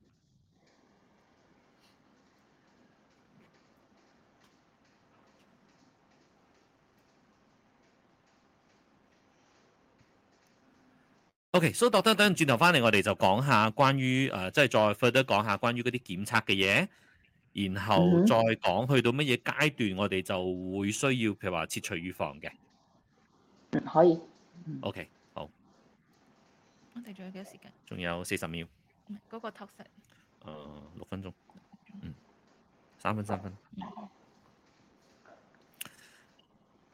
OK，所、so、以等一等，轉頭翻嚟，我哋就講下關於誒、呃，即係再 further 講下關於嗰啲檢測嘅嘢，然後再講去到乜嘢階段，我哋就會需要譬如話切除預防嘅、嗯。可以。OK，好。我哋仲有幾多時間？仲有四十秒。唔係嗰個托息、呃。六分鐘。嗯，三分三分。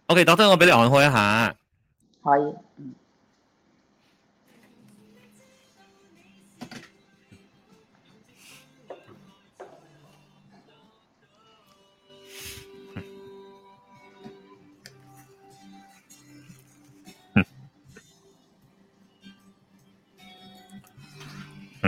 OK，doctor，、okay，我俾你按開一下。可以。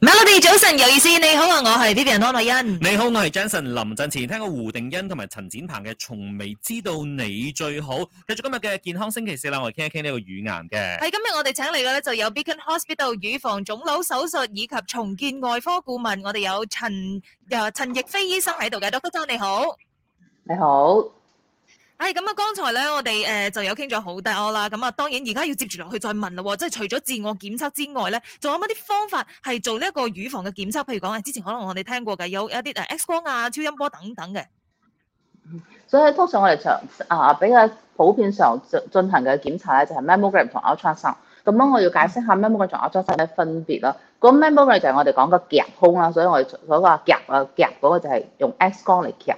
Melody，早晨有意思，你好啊，我係 Melody 湯麗欣。你好，我係 Jason 林振前，聽過胡定欣同埋陳展鵬嘅《從未知道你最好》。繼續今日嘅健康星期四啦，我哋傾一傾呢個乳癌嘅。係，今日我哋請嚟嘅咧就有 Beacon Hospital 乳房腫瘤手術以及重建外科顧問，我哋有陳誒陳奕飛醫生喺度嘅，Doctor，你好，你好。哎，咁啊，剛才咧，我哋誒就有傾咗好多啦。咁啊，當然而家要接住落去再問啦。即係除咗自我檢測之外咧，仲有乜啲方法係做呢一個乳房嘅檢測？譬如講，之前可能我哋聽過嘅，有一啲誒 X 光啊、超音波等等嘅。所以通常我哋常啊比較普遍上進行嘅檢查咧，就係 mammogram 同 ultrasound。咁樣我要解釋下 mammogram 同 ultrasound 嘅分別啦。個 mammogram 就係我哋講個夾胸啦，所以我哋所話夾啊夾嗰個就係用 X 光嚟夾。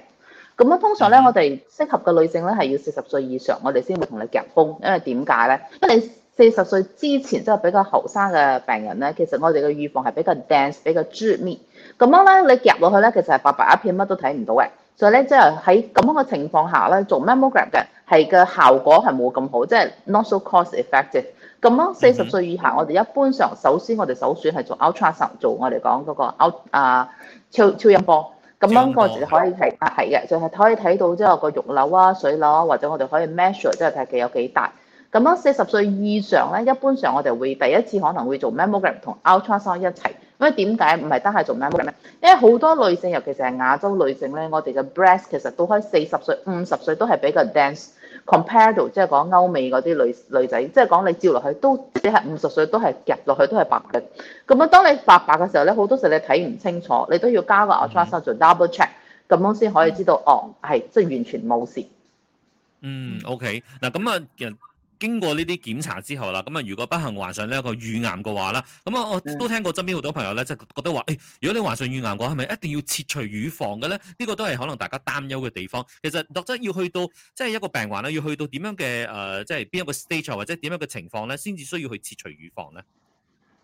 咁啊，通常咧，我哋適合嘅女性咧係要四十歲以上，我哋先會同你夾風，因為點解咧？因為四十歲之前即係比較後生嘅病人咧，其實我哋嘅預防係比較 dense、比較致密。咁樣咧，你夾落去咧，其實係白白一片，乜都睇唔到嘅。所以咧，即係喺咁樣嘅情況下咧，做 mammogram 嘅係嘅效果係冇咁好，即係 not so cost effective。咁樣四十歲以下，嗯嗯我哋一般上首先我哋首選係做 ultrasound，做我哋講嗰個 ultra 啊、uh, 超超音波。咁樣個時可以睇，係嘅道，就係、是、可以睇到即係個肉瘤啊、水瘤、啊、或者我哋可以 measure 即係睇佢有幾大。咁樣四十歲以上咧，一般上我哋會第一次可能會做 mammogram 同 ultrasound 一齊。因為點解唔係單係做 mammogram 咧？因為好多女性，尤其是係亞洲女性咧，我哋嘅 breast 其實到開四十歲、五十歲都係比較 dense。Compare 到即係講歐美嗰啲女女仔，即係講你照落去都即係五十歲都係夾落去都係白嘅。咁樣當你白白嘅時候咧，好多時你睇唔清楚，你都要加個 ultrasound 做 double check，咁樣先可以知道、mm. 哦，係即係完全冇事。嗯、mm，OK 嗱，咁啊，誒。經過呢啲檢查之後啦，咁啊，如果不幸患上呢一個乳癌嘅話啦，咁啊，我都聽過身邊好多朋友咧，即係覺得話，誒、哎，如果你患上乳癌嘅話，係咪一定要切除乳房嘅咧？呢、這個都係可能大家擔憂嘅地方。其實，落真要去到即係一個病患咧，要去到點樣嘅誒、呃，即係邊一個 stage 或者點樣嘅情況咧，先至需要去切除乳房咧？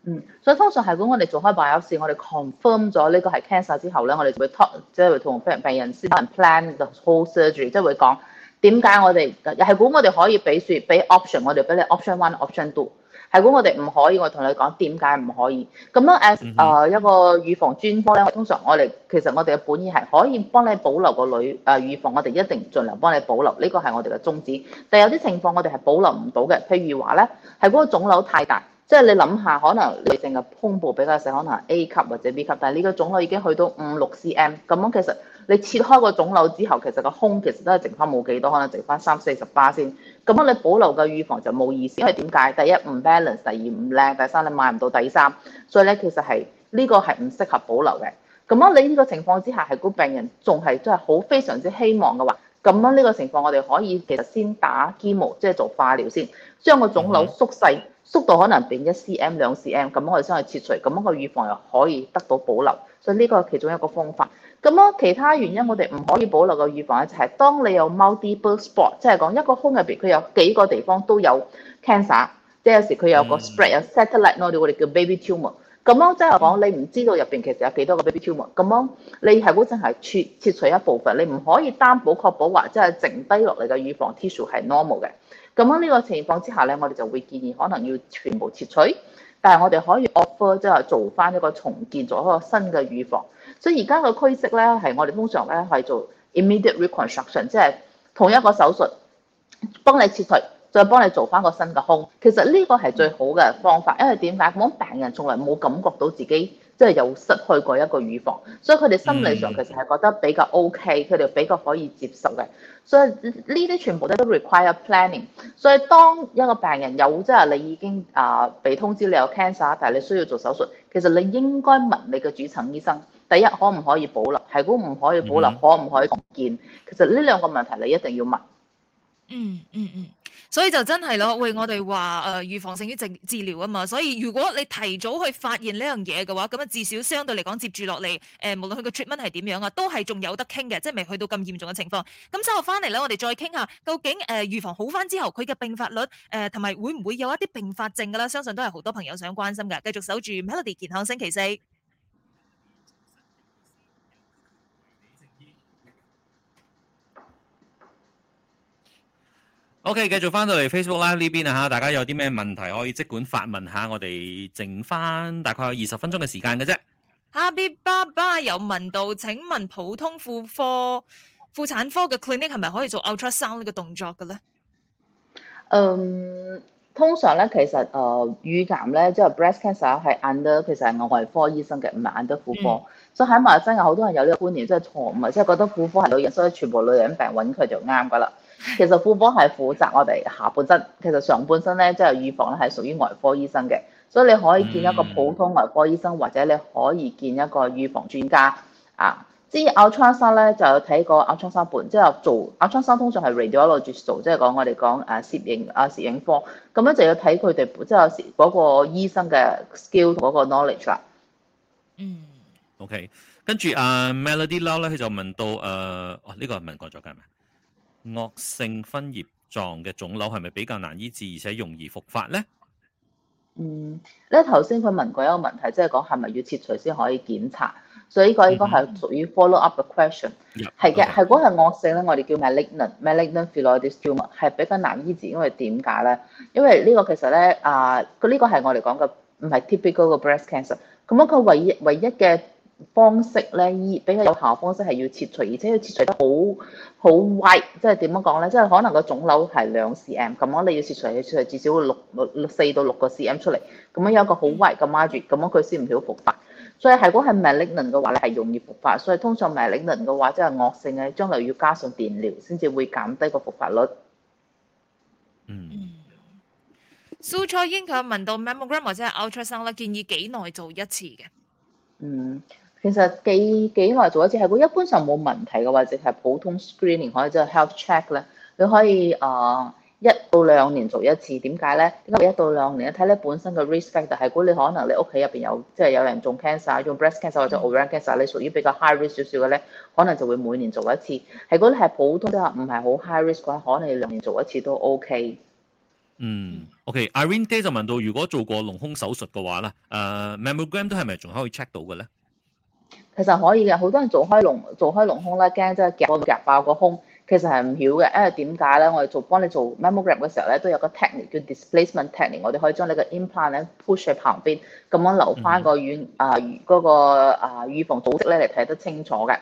嗯，所以通常係，如果我哋做開化療時，我哋 confirm 咗呢個係 cancer 之後咧，我哋就會 talk，即係同病人先 plan the whole surgery，即係會講。點解我哋係估我哋可以俾説俾 option，我哋俾你 option one，option two，係估我哋唔可以，我同你講點解唔可以？咁樣誒、呃，一個預防專科咧，通常我哋其實我哋嘅本意係可以幫你保留個女誒、呃、預防，我哋一定盡量幫你保留，呢個係我哋嘅宗旨。但有啲情況我哋係保留唔到嘅，譬如話咧，係嗰個腫瘤太大，即係你諗下，可能你淨係胸部比較細，可能 A 級或者 B 級，但係呢個腫瘤已經去到五六 cm，咁樣其實。你切開個腫瘤之後，其實個胸其實都係剩翻冇幾多，可能剩翻三四十巴仙。咁樣你保留個乳房就冇意思，因為點解？第一唔 balance，第二唔靚，第三你買唔到底衫。所以咧，其實係呢個係唔適合保留嘅。咁樣你呢個情況之下，係、個病人仲係真係好非常之希望嘅話，咁樣呢個情況我哋可以其實先打 chemo，即係做化療先，將個腫瘤縮細，縮到可能變一 cm 兩 cm，咁我哋先去切除，咁樣個乳房又可以得到保留。所以呢個其中一個方法。咁啊，其他原因我哋唔可以保留個乳房咧，就係當你有 multiple spot，即係講一個胸入邊佢有幾個地方都有 cancer，即係有時佢有個 spread、嗯、有 satellite，我哋叫 baby tumor 咁樣，即係講你唔知道入邊其實有幾多個 baby tumor 咁、嗯、樣你係好似係切切除一部分，你唔可以擔保確保話即係剩低落嚟嘅乳房 tissue 係 normal 嘅。咁樣呢個情況之下咧，我哋就會建議可能要全部切除，但係我哋可以 offer 即係做翻一個重建，做一個新嘅乳房。所以而家個趨勢咧，係我哋通常咧係做 immediate reconstruction，即係同一個手術幫你切除，再幫你做翻個新嘅胸。其實呢個係最好嘅方法，因為點解？咁病人從來冇感覺到自己即係有失去過一個乳房，所以佢哋心理上其實係覺得比較 OK，佢哋比較可以接受嘅。所以呢啲全部都都 require planning。所以當一個病人有即係你已經啊、呃、被通知你有 cancer，但係你需要做手術，其實你應該問你嘅主診醫生。第一，可唔可以保留？係估唔可以保留，嗯、可唔可以重建？其實呢兩個問題你一定要問。嗯嗯嗯，所以就真係咯，喂，我哋話誒預防勝於治治療啊嘛。所以如果你提早去發現呢樣嘢嘅話，咁啊至少相對嚟講接住落嚟誒，無論佢個 treatment 係點樣啊，都係仲有得傾嘅，即係未去到咁嚴重嘅情況。咁稍後翻嚟咧，我哋再傾下究竟誒、呃、預防好翻之後，佢嘅並發率誒同埋會唔會有一啲並發症噶啦？相信都係好多朋友想關心嘅。繼續守住 Melody 健康，星期四。OK，繼續翻到嚟 Facebook 啦呢邊吓，大家有啲咩問題可以即管發問下，我哋剩翻大概有二十分鐘嘅時間嘅啫。阿 B、啊、爸爸有問到，請問普通婦科、婦產科嘅 clinic 係咪可以做 ultrasound 呢個動作嘅咧？嗯，通常咧其實誒，乳癌咧即係 breast cancer 係 under 其實係外科醫生嘅，唔係 under 婦科。嗯、所以喺馬來西亞好多人有呢個觀念即係錯，唔係即係覺得婦科係女人，所以全部女人病揾佢就啱噶啦。其實婦科係負責我哋下半身，其實上半身咧即係預防咧係屬於外科醫生嘅，所以你可以見一個普通外科醫生，或者你可以見一個預防專家啊。至於 X 光室咧，就有睇個 X 光室本，即、就、係、是、做 o u X 光室通常係 radio medical，即係講我哋講誒攝影啊，攝影科，咁樣就要睇佢哋即係嗰個醫生嘅 skill 嗰個 knowledge 啦。嗯。OK，跟住啊 Melody Lau 咧，佢、uh, 就問到誒，uh, 哦呢、這個問過咗㗎係咪？惡性分葉狀嘅腫瘤係咪比較難醫治，而且容易復發咧？嗯，咧頭先佢問過一個問題，即係講係咪要切除先可以檢查，所以呢個應該係屬於 follow up 嘅 question。係嘅、嗯，係如果係惡性咧，我哋叫 malignant，malignant phyllodes tumour 係、um、比較難醫治，因為點解咧？因為呢個其實咧，啊，佢、這、呢個係我哋講嘅唔係 typical 嘅 breast cancer。咁樣，佢唯一唯一嘅。方式咧，依比較有效嘅方式係要切除，而且要切除得好好 wide，即係點樣講咧？即係可能個腫瘤係兩 cm，咁樣你要切除要切除至少六六四到六個 cm 出嚟，咁樣有一個好 wide 嘅 margin，咁樣佢先唔會復發。所以係如果係 malignant 嘅話咧，係容易復發。所以通常 malignant 嘅話即係、就是、惡性嘅，將來要加上電療先至會減低個復發率。嗯。蘇楚英佢問到 mammogram 或者係 ultrasound 呢，建議幾耐做一次嘅？嗯。其實幾幾耐做一次係，如果一般上冇問題嘅或者係普通 screening 可以即係 health check 咧，你可以誒一、uh, 到兩年做一次。點解咧？點解一到兩年？一睇咧本身嘅 risk，factor 但係如果你可能你屋企入邊有即係有人中 cancer、用 breast cancer 或者 ovarian cancer，你屬於比較 high risk 少少嘅咧，可能就會每年做一次。係，如果你係普通即話，唔係好 high risk 嘅話，可能你兩年做一次都 OK。嗯，OK。Irene 姐就問到，如果做過隆胸手術嘅話咧，誒、呃、mammogram 都係咪仲可以 check 到嘅咧？其實可以嘅，好多人做開隆做開隆胸咧，驚即係夾個夾爆個胸，其實係唔曉嘅，因為點解咧？我哋做幫你做 mammogram 嘅時候咧，都有個 technic 叫 displacement technique，我哋可以將你個 implant 咧 push 喺旁邊，咁樣留翻個乳、嗯、啊嗰、嗰個、啊乳房組織咧嚟睇得清楚嘅。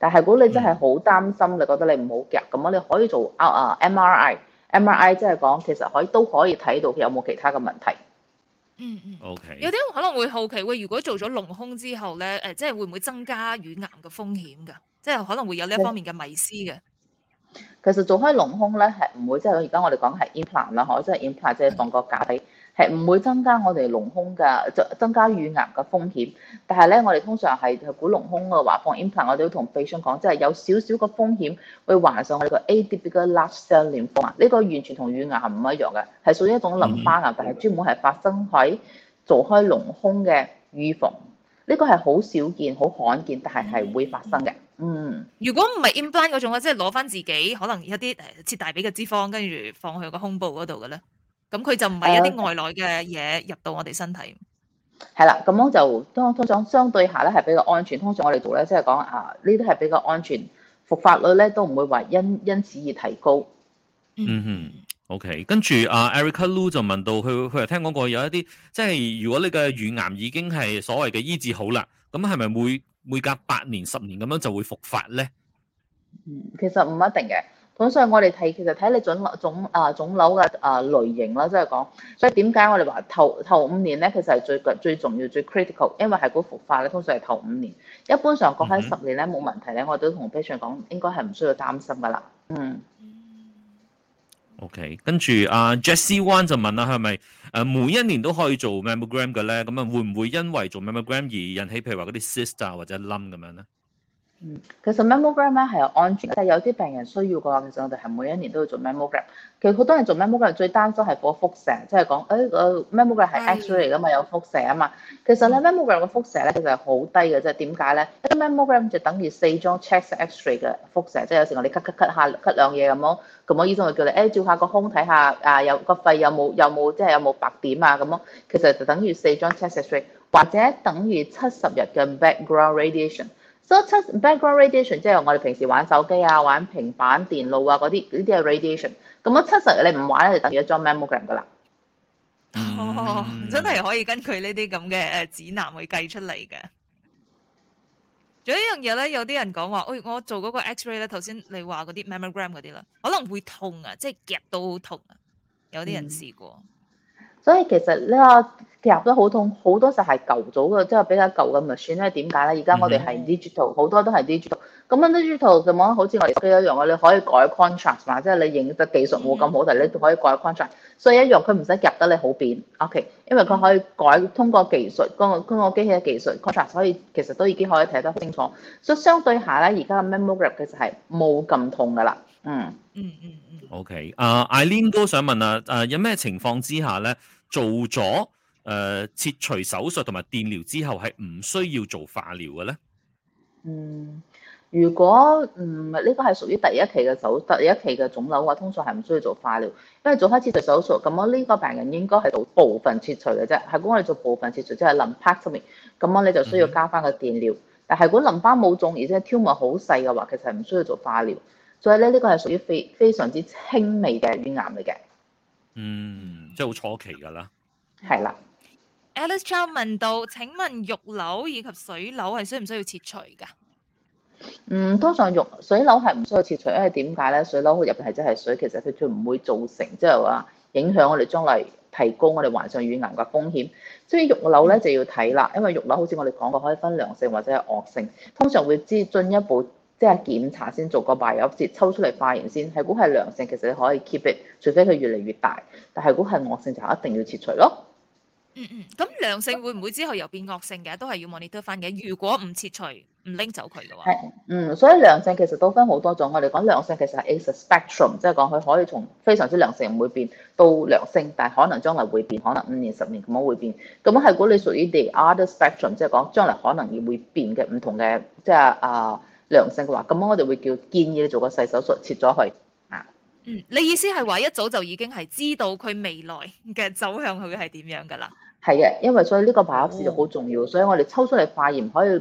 但係如果你真係好擔心，嗯、你覺得你唔好夾，咁樣你可以做 MRI，MRI 即係講其實可以都可以睇到有冇其他嘅問題。嗯嗯、mm hmm.，OK，有啲可能會好奇喂，如果做咗隆胸之後咧，誒，即係會唔會增加乳癌嘅風險㗎？即係可能會有呢一方面嘅迷思嘅。其實做開隆胸咧係唔會，即係而家我哋講係 implant 啦，嗬、mm，即係 implant 即係放個假體。係唔會增加我哋隆胸嘅增增加乳癌嘅風險，但係咧，我哋通常係如果隆胸嘅話放 implant，我哋都同被信講，即係有少少個風險會患上我哋嘅 anaplastic large cell lymphoma，呢個完全同乳癌係唔一樣嘅，係屬於一種淋巴癌，但係專門係發生喺做開隆胸嘅乳房，呢、呢個係好少見、好罕見，但係係會發生嘅。嗯，如果唔係 implant 嗰種啊，即係攞翻自己可能一啲誒切大髀嘅脂肪，跟住放去個胸部嗰度嘅咧。咁佢就唔係一啲外來嘅嘢入到我哋身體。係啦、啊，咁樣就通通常相對下咧，係比較安全。通常我哋做咧，即係講啊，呢啲係比較安全，復發率咧都唔會話因因此而提高。嗯哼，OK 跟。跟住啊，Erica Lu 就問到佢，佢又聽講過有一啲，即係如果你嘅乳癌已經係所謂嘅醫治好啦，咁係咪每每隔八年、十年咁樣就會復發咧，嗯。其實唔一定嘅。咁所以，我哋睇其實睇你腫瘤腫啊腫瘤嘅啊類型啦，即係講，所以點解我哋話頭頭五年咧，其實係最最重要最 critical，因為係嗰個復發咧，通常係頭五年。一般上講返十年咧冇問題咧，我都同 patient 講應該係唔需要擔心噶啦。嗯。OK，跟住啊，Jessie One 就問啦、啊，係咪誒每一年都可以做 mammogram 嘅咧？咁啊，會唔會因為做 mammogram 而引起譬如話嗰啲息肉或者 lump 咁樣咧？嗯，其實 mammogram 咧係安全，但係有啲病人需要嘅話，其實我哋係每一年都要做 mammogram。其實好多人做 mammogram 最擔心係嗰個輻射，即係講，誒個 mammogram 係 X-ray 嚟噶嘛，有輻射啊嘛。其實咧 mammogram 嘅輻射咧其實係好低嘅即啫。點解咧？一個 mammogram 就等於四張 chest X-ray 嘅輻射，即係有時我哋咳咳咳下咳兩嘢咁咯，咁我醫生會叫你，誒照下個胸睇下，啊有個肺有冇有冇即係有冇白點啊咁咯。其實就等於四張 chest X-ray，或者等於七十日嘅 background radiation。七、so, background radiation 即係我哋平時玩手機啊、玩平板電腦啊嗰啲，呢啲係 radiation。咁啊七十，你唔玩咧就等於一張 mammogram 㗎啦，哦。真係可以根據呢啲咁嘅誒指南去計出嚟嘅。仲有一樣嘢咧，有啲人講話，誒、欸、我做嗰個 X-ray 咧，頭先你話嗰啲 mammogram 嗰啲啦，可能會痛啊，即係夾到好痛啊，有啲人試過。嗯所以其實呢個夾都好痛，好多時係舊咗嘅，即、就、係、是、比較舊嘅 machine 咧。點解咧？而家我哋係 digital，好多都係 digital dig。咁樣 digital 就冇好似我哋嗰、mm hmm. 一樣嘅，你可以改 contrast 嘛？即係你影嘅技術冇咁好，但你都可以改 contrast。所以一樣，佢唔使夾得你好扁。OK，因為佢可以改通過技術，個通過機器嘅技術 contrast，所以其實都已經可以睇得清楚。所以相對下咧，而家嘅 mammogram 其實係冇咁痛噶啦。嗯嗯嗯嗯，OK。啊，Ilin 都想問啊，誒、uh, 有咩情況之下咧做咗誒、uh, 切除手術同埋電療之後係唔需要做化療嘅咧？嗯，如果唔係呢個係屬於第一期嘅手第一期嘅腫瘤嘅話，通常係唔需要做化療，因為做開切除手術咁啊，呢個病人應該係做部分切除嘅啫。係果我哋做部分切除，即係淋巴出面，咁啊你就需要加翻個電療。嗯、但係果淋巴冇中，而且腫瘤好細嘅話，其實係唔需要做化療。所以咧，呢個係屬於非非常之輕微嘅乳癌嚟嘅。嗯，即係好初期㗎啦。係啦。Alice Chan 問到：請問肉瘤以及水瘤係需唔需要切除㗎？嗯，通常肉水瘤係唔需要切除，因為點解咧？水瘤佢入邊係真係水，其實佢佢唔會造成即係話影響我哋將來提高我哋患上乳癌嘅風險。所以肉瘤咧就要睇啦，因為肉瘤好似我哋講過可以分良性或者係惡性，通常會知進一步。即係檢查先做個化，有時抽出嚟化驗先，係估係良性，其實你可以 keep it，除非佢越嚟越大。但係估係惡性，就一定要切除咯。嗯嗯，咁、嗯、良性會唔會之後又變惡性嘅？都係要 monitor 翻嘅。如果唔切除唔拎走佢嘅話，嗯，所以良性其實都分好多種。我哋講良性其實係 a spectrum，即係講佢可以從非常之良性唔會變到良性，但係可能將來會變，可能五年十年咁樣會變。咁樣係估你屬於 the other spectrum，即係講將來可能要會變嘅唔同嘅，即係啊。良性嘅話，咁我哋會叫建議你做個細手術切咗佢啊。嗯，你意思係話一早就已經係知道佢未來嘅走向佢係點樣㗎啦？係嘅，因為所以呢個排核試就好重要，哦、所以我哋抽出嚟化驗可以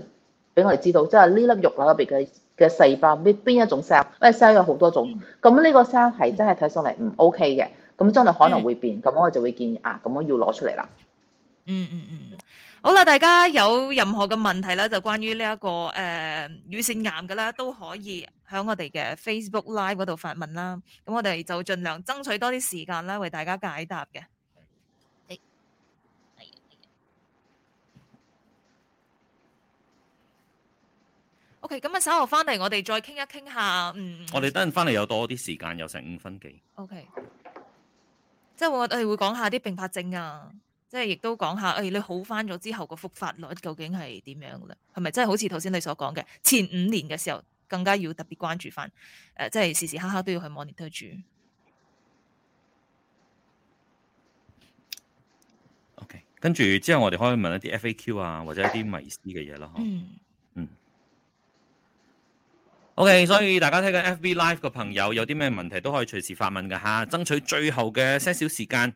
俾我哋知道，即係呢粒肉粒入邊嘅嘅細胞邊邊一種 cell 因為 cell 有好多種，咁呢、嗯、個 cell 係真係睇上嚟唔 OK 嘅，咁真係可能會變，咁、嗯、我就會建議啊，咁我要攞出嚟啦、嗯。嗯嗯嗯。好啦，大家有任何嘅問題咧，就關於呢、這、一個誒、呃、乳腺癌嘅咧，都可以喺我哋嘅 Facebook Live 嗰度發問啦。咁我哋就盡量爭取多啲時間咧，為大家解答嘅。 OK，咁啊，稍後翻嚟我哋再傾一傾下。嗯。我哋等陣翻嚟有多啲時間，有成五分幾。OK。即係我哋會講下啲併發症啊。即係亦都講下，誒、哎，你好翻咗之後個復發率究竟係點樣咧？係咪真係好似頭先你所講嘅？前五年嘅時候更加要特別關注翻，誒、呃，即係時時刻刻都要去 monitor 推住。OK，跟住之後我哋可以問一啲 FAQ 啊，或者一啲迷思嘅嘢咯。嗯。嗯。OK，所以大家睇緊 FB Live 嘅朋友有啲咩問題都可以隨時發問噶吓，爭取最後嘅些少時間。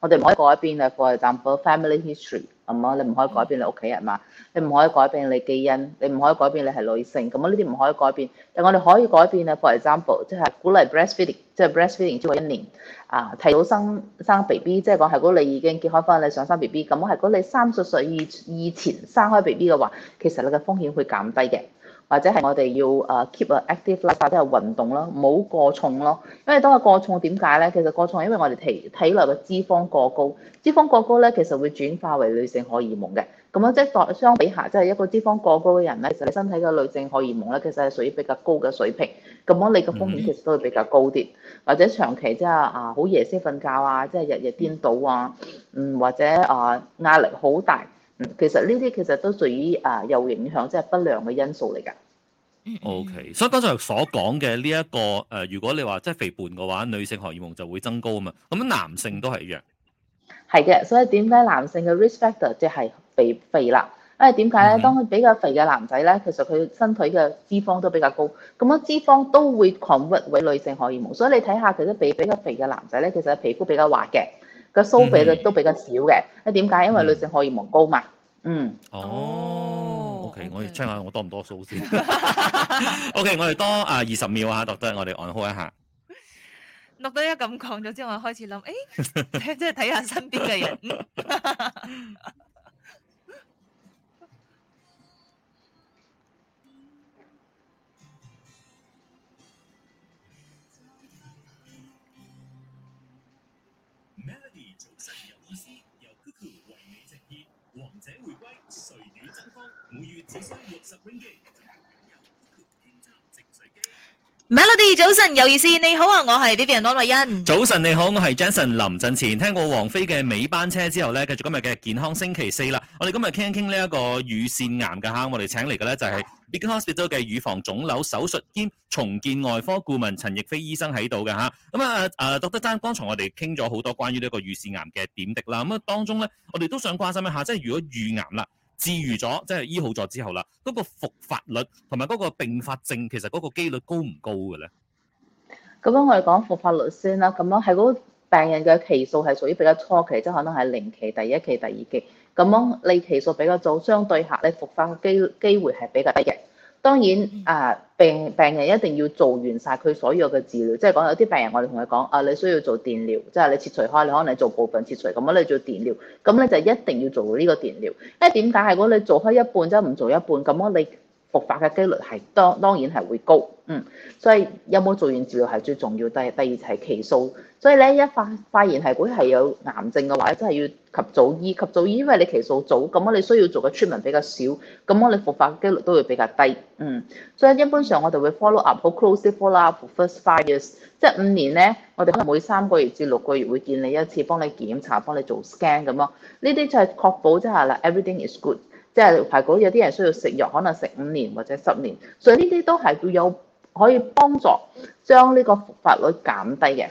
我哋唔可以改變啊！for example，family history 係嘛？你唔可以改變你屋企人嘛？你唔可以改變你基因，你唔可以改變你係女性。咁啊，呢啲唔可以改變。但我哋可以改變啊！for example，即係鼓勵 breastfeeding，即係 breastfeeding 超過一年啊，提早生生 B B，即係講係如果你已經結開婚，你想生 B B，咁啊係如果你三十歲以以前生開 B B 嘅話，其實你嘅風險會減低嘅。或者係我哋要誒 keep active 啦，或者係運動啦，冇過重咯。因為當係過重點解咧？其實過重係因為我哋體體內嘅脂肪過高，脂肪過高咧其實會轉化為女性荷爾蒙嘅。咁樣即係相比下，即係一個脂肪過高嘅人咧，其實你身體嘅女性荷爾蒙咧，其實係屬於比較高嘅水平。咁樣你嘅風險其實都會比較高啲，或者長期即係啊好夜先瞓覺啊，即係日日顛倒啊，嗯或者啊壓力好大。嗯、其實呢啲其實都屬於啊有影響，即、就、係、是、不良嘅因素嚟㗎。O、okay, K，所以剛才所講嘅呢一個誒、呃，如果你話即係肥胖嘅話，女性荷爾蒙就會增高啊嘛。咁男性都係一樣。係嘅，所以點解男性嘅 risk factor 即係肥肥啦？因為點解咧？當佢比較肥嘅男仔咧，其實佢身體嘅脂肪都比較高，咁樣脂肪都會 convert 為女性荷爾蒙，所以你睇下其實比比較肥嘅男仔咧，其實個皮膚比較滑嘅。個蘇比都比較少嘅，誒，點解？因為女性荷爾蒙高嘛。嗯。哦。O K，我哋聽下我多唔多蘇先。 o、okay, K，我哋多啊二十秒啊，樂哥，我哋按開一下。樂哥一咁講咗之後，我開始諗，誒、欸，即係睇下身邊嘅人。 Melody，早晨，有意思，你好啊，我係 Vivian 安慧欣。早晨，你好，我係 Jason 林振前。聽過王菲嘅《尾班車》之後咧，繼續今日嘅健康星期四啦。我哋今日傾一傾呢一個乳腺癌嘅吓，我哋請嚟嘅咧就係 Big Hospital 嘅乳房腫瘤手術兼重建外科顧問陳奕飛醫生喺度嘅吓。咁、嗯、啊啊 d o c 剛才我哋傾咗好多關於呢個乳腺癌嘅點滴啦。咁、嗯、啊，當中咧，我哋都想關心一下，即係如果預癌啦。治愈咗即係醫好咗之後啦，嗰個復發率同埋嗰個併發症，其實嗰個機率高唔高嘅咧？咁樣我哋講復發率先啦。咁樣係嗰個病人嘅期數係屬於比較初期，即係可能係零期、第一期、第二期。咁樣你期數比較早，相對下你復發嘅機機會係比較低嘅。當然，啊病病人一定要做完晒佢所有嘅治療，即係講有啲病人我哋同佢講，啊你需要做電療，即係你切除開，你可能你做部分切除咁樣，你做電療，咁你就一定要做呢個電療，因為點解係如果你做開一半，即係唔做一半咁我你。復發嘅機率係當當然係會高，嗯，所以有冇做完治療係最重要。第第二就係期數，所以咧一發發現係會係有癌症嘅話，真係要及早醫，及早醫，因為你期數早，咁樣你需要做嘅出門比較少，咁我你復發嘅機率都會比較低，嗯。所以一般上我哋會 follow up 好 closely follow up first five years，即係五年咧，我哋可能每三個月至六個月會見你一次，幫你檢查，幫你做 scan 咁咯。呢啲就係確保即係啦，everything is good。即係排稿有啲人需要食藥，可能食五年或者十年，所以呢啲都係會有可以幫助將呢個復發率減低嘅。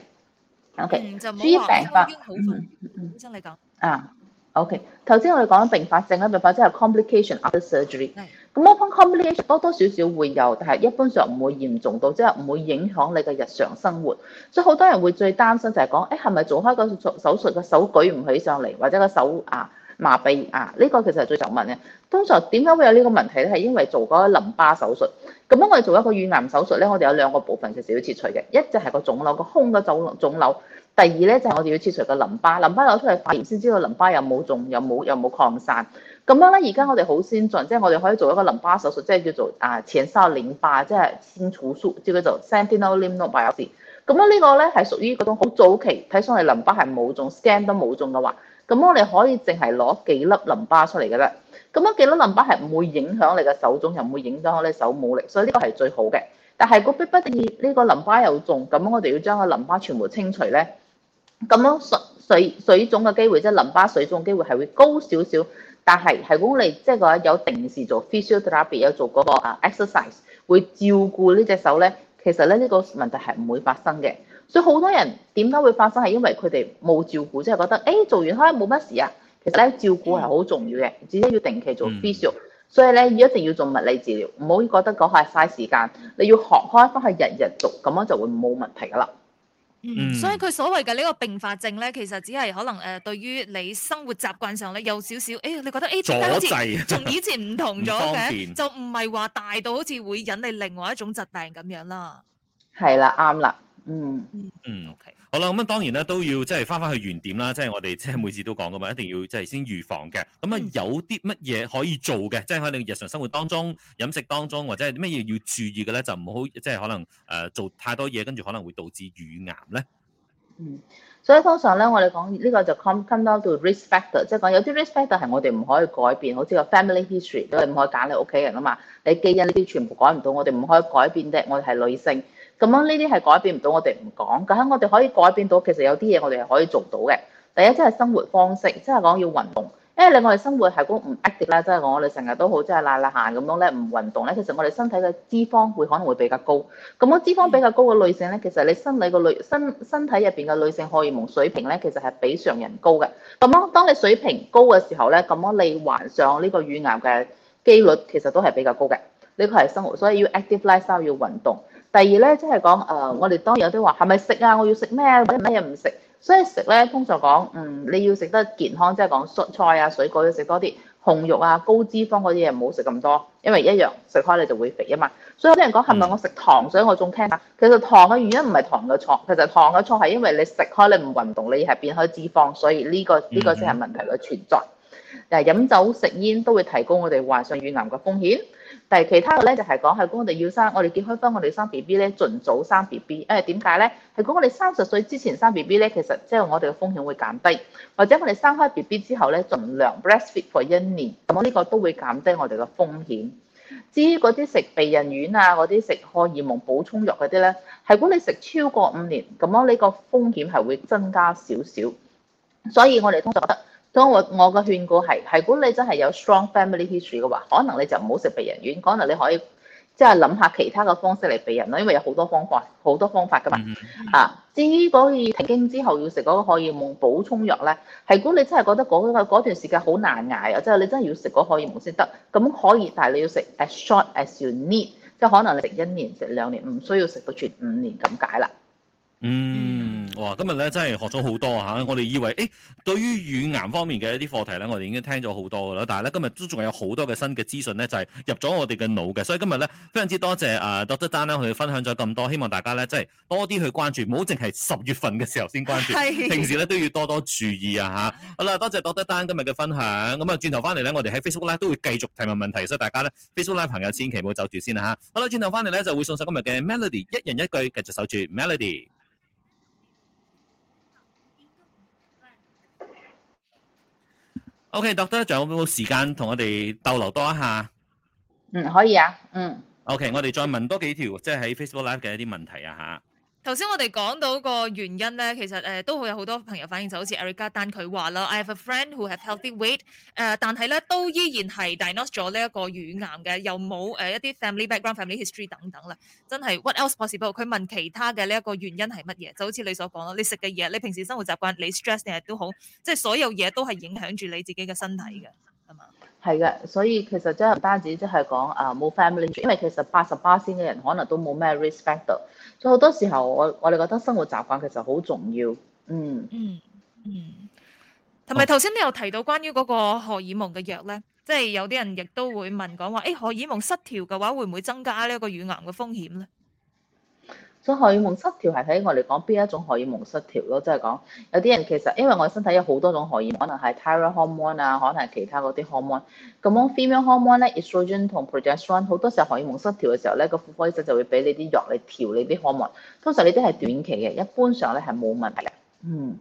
O K，至於病發,病發 surgery, 的嗯。嗯嗯，你講。啊，O K，頭先我哋講咗並發症嘅並發，症係 complication after surgery。咁 open complication 多多少少會有，但係一般上唔會嚴重到，即係唔會影響你嘅日常生活。所以好多人會最擔心就係講，誒係咪做開個手術嘅手舉唔起上嚟，或者個手啊？麻痹啊！呢、這個其實係最常問嘅。通常點解會有呢個問題咧？係因為做嗰個淋巴手術。咁樣我哋做一個乳癌手術咧，我哋有兩個部分其實要切除嘅，一隻係個腫瘤，個胸嘅腫腫瘤。第二咧就係、是、我哋要切除個淋巴，淋巴攞出嚟化驗，先知道淋巴有冇腫，有冇有冇擴散。咁樣咧，而家我哋好先進，即係我哋可以做一個淋巴手術，即係叫做啊前哨淋巴，即係先除疏，即叫做 sentinel lymph node biopsy。咁樣呢、這個咧係屬於嗰種好早期，睇上嚟淋巴係冇腫，scan 都冇腫嘅話。咁我哋可以淨係攞幾粒淋巴出嚟嘅啦，咁樣幾粒淋巴係唔會影響你嘅手腫，又唔會影響我哋手冇力，所以呢個係最好嘅。但係個不不意呢個淋巴有腫，咁我哋要將個淋巴全部清除咧，咁樣水水水腫嘅機會即係、就是、淋巴水腫嘅機會係會高少少，但係如果你即係話有定時做 physical therapy，有做嗰個啊 exercise，會照顧呢隻手咧，其實咧呢、呢個問題係唔會發生嘅。所以好多人點解會發生係因為佢哋冇照顧，即係覺得誒、欸、做完開冇乜事啊。其實咧照顧係好重要嘅，只係要定期做、嗯、所以咧一定要做物理治療，唔好覺得嗰下嘥時間。你要學開翻去日日讀，咁樣就會冇問題噶啦。嗯，所以佢所謂嘅呢個併發症咧，其實只係可能誒對於你生活習慣上咧有少少誒、欸，你覺得誒，突、欸、好似從以前唔同咗嘅， 便就唔係話大到好似會引你另外一種疾病咁樣啦。係啦，啱啦。嗯嗯，okay. 好啦，咁啊，當然咧都要即係翻返去原點啦，即係我哋即係每次都講噶嘛，一定要即係先預防嘅。咁啊，有啲乜嘢可以做嘅？即係喺你日常生活當中、飲食當中，或者係乜嘢要注意嘅咧，就唔好即係可能誒做太多嘢，跟住可能會導致乳癌咧。嗯，所以通常咧，我哋講呢個就 come come down to risk factor，即係講有啲 risk factor 係我哋唔可以改變，好似個 family history，都係唔可以揀你屋企人啊嘛。你基因呢啲全部改唔到，我哋唔可以改變的。我哋係女性。咁樣呢啲係改變唔到，我哋唔講。咁我哋可以改變到，其實有啲嘢我哋係可以做到嘅。第一，即係、就是、生活方式，即係講要運動，因為另外生活係講唔 active 啦，即係我哋成日都好即係賴賴閒咁樣咧，唔運動咧。其實我哋身體嘅脂肪會可能會比較高。咁樣脂肪比較高嘅女性咧，其實你身體個女身身體入邊嘅女性荷爾蒙水平咧，其實係比常人高嘅。咁樣當你水平高嘅時候咧，咁樣你患上呢個乳癌嘅機率其實都係比較高嘅。呢個係生活，所以要 active lifestyle 要運動。第二咧，即係講誒，我哋當然有啲話係咪食啊？我要食咩啊？或者咩嘢唔食？所以食咧，通常講，嗯，你要食得健康，即係講蔬菜啊、水果要食多啲，紅肉啊、高脂肪嗰啲嘢唔好食咁多，因為一樣食開你就會肥啊嘛。所以有啲人講係咪我食糖，所以我仲聽啊？其實糖嘅原因唔係糖嘅錯，其實糖嘅錯係因為你食開你唔運動，你係變開脂肪，所以呢、呢個呢、呢個先係問題嘅存在。誒、嗯嗯、飲酒食煙都會提供我哋患上乳癌嘅風險。但係其他嘅咧就係、是、講係講我哋要生，我哋結婚翻我哋生 B B 咧，儘早生 B B。誒點解咧？係講我哋三十歲之前生 B B 咧，其實即係我哋嘅風險會減低，或者我哋生開 B B 之後咧，儘量 breast feed for 一年，咁呢個都會減低我哋嘅風險。至於嗰啲食避孕丸啊，嗰啲食荷爾蒙補充藥嗰啲咧，係講你食超過五年，咁樣呢個風險係會增加少少。所以我哋通常覺得。所以我我嘅勸告係係，如果你真係有 strong family history 嘅話，可能你就唔好食避孕丸，可能你可以即係諗下其他嘅方式嚟避孕咯，因為有好多方法好多方法噶嘛。Mm hmm. 啊，至於可以停經之後要食嗰個荷爾蒙補充藥咧，係如果你真係覺得嗰、那個、段時間好難捱啊，即、就、係、是、你真係要食嗰荷爾蒙先得，咁可以，但係你要食 as short as you need，即係可能食一年、食兩年，唔需要食到全五年咁解啦。嗯，哇！今日咧真係學咗好多嚇，我哋以為誒對於乳癌方面嘅一啲課題咧，我哋已經聽咗好多噶啦，但係咧今日都仲有好多嘅新嘅資訊咧，就係、是、入咗我哋嘅腦嘅，所以今日咧非常之多謝誒 Doctor 丹啦我哋分享咗咁多，希望大家咧真係多啲去關注，唔好淨係十月份嘅時候先關注，是平時咧都要多多注意啊嚇！好啦，多謝 Doctor 丹今日嘅分享，咁啊轉頭翻嚟咧，我哋喺 Facebook 咧都會繼續提問問題，所以大家咧 Facebook 咧朋友千祈唔好走住先啦嚇！好啦，轉頭翻嚟咧就會送上今日嘅 Melody，一,一,一人一句，繼續守住 Melody。O.K. Doctor，仲有冇時間同我哋逗留多一下？嗯，可以啊。嗯。O.K. 我哋再問多幾條，即係喺 Facebook Live 嘅一啲問題啊。頭先我哋講到個原因咧，其實誒、呃、都會有好多朋友反映，就好似 Erica 丹佢話啦，I have a friend who have healthy weight，誒、呃、但係咧都依然係 diagnose 咗呢一個乳癌嘅，又冇誒一啲 family background、family history 等等啦，真係 what else possible？佢問其他嘅呢一個原因係乜嘢，就好似你所講咯，你食嘅嘢，你平時生活習慣，你 stress 定係都好，即係所有嘢都係影響住你自己嘅身體嘅，係嘛？係嘅，所以其實真係唔單止即係講啊冇 family，因為其實八十八先嘅人可能都冇咩 respect 到，所以好多時候我我哋覺得生活習慣其實好重要。嗯嗯嗯。同埋頭先你有提到關於嗰個荷爾蒙嘅藥咧，即係有啲人亦都會問講話，誒荷爾蒙失調嘅話會唔會增加呢個乳癌嘅風險咧？所以荷爾蒙失調係喺我嚟講邊一種荷爾蒙失調咯？即係講有啲人其實因為我身體有好多種荷爾蒙，one, 可能係 thyroid hormone 啊，可能係其他嗰啲荷爾蒙。咁樣 female hormone 咧、e、，estrogen 同 progesterone 好多時候荷爾蒙失調嘅時候咧，個婦科醫生就會俾你啲藥嚟調你啲荷爾蒙。通常你都係短期嘅，一般上咧係冇問題嘅。嗯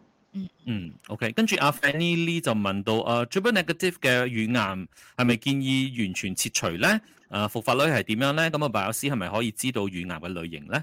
嗯 o、okay. k 跟住阿 Fanny Lee 就問到誒 triple negative 嘅乳癌係咪建議完全切除咧？誒復發率係點樣咧？咁啊，白老師係咪可以知道乳癌嘅類型咧？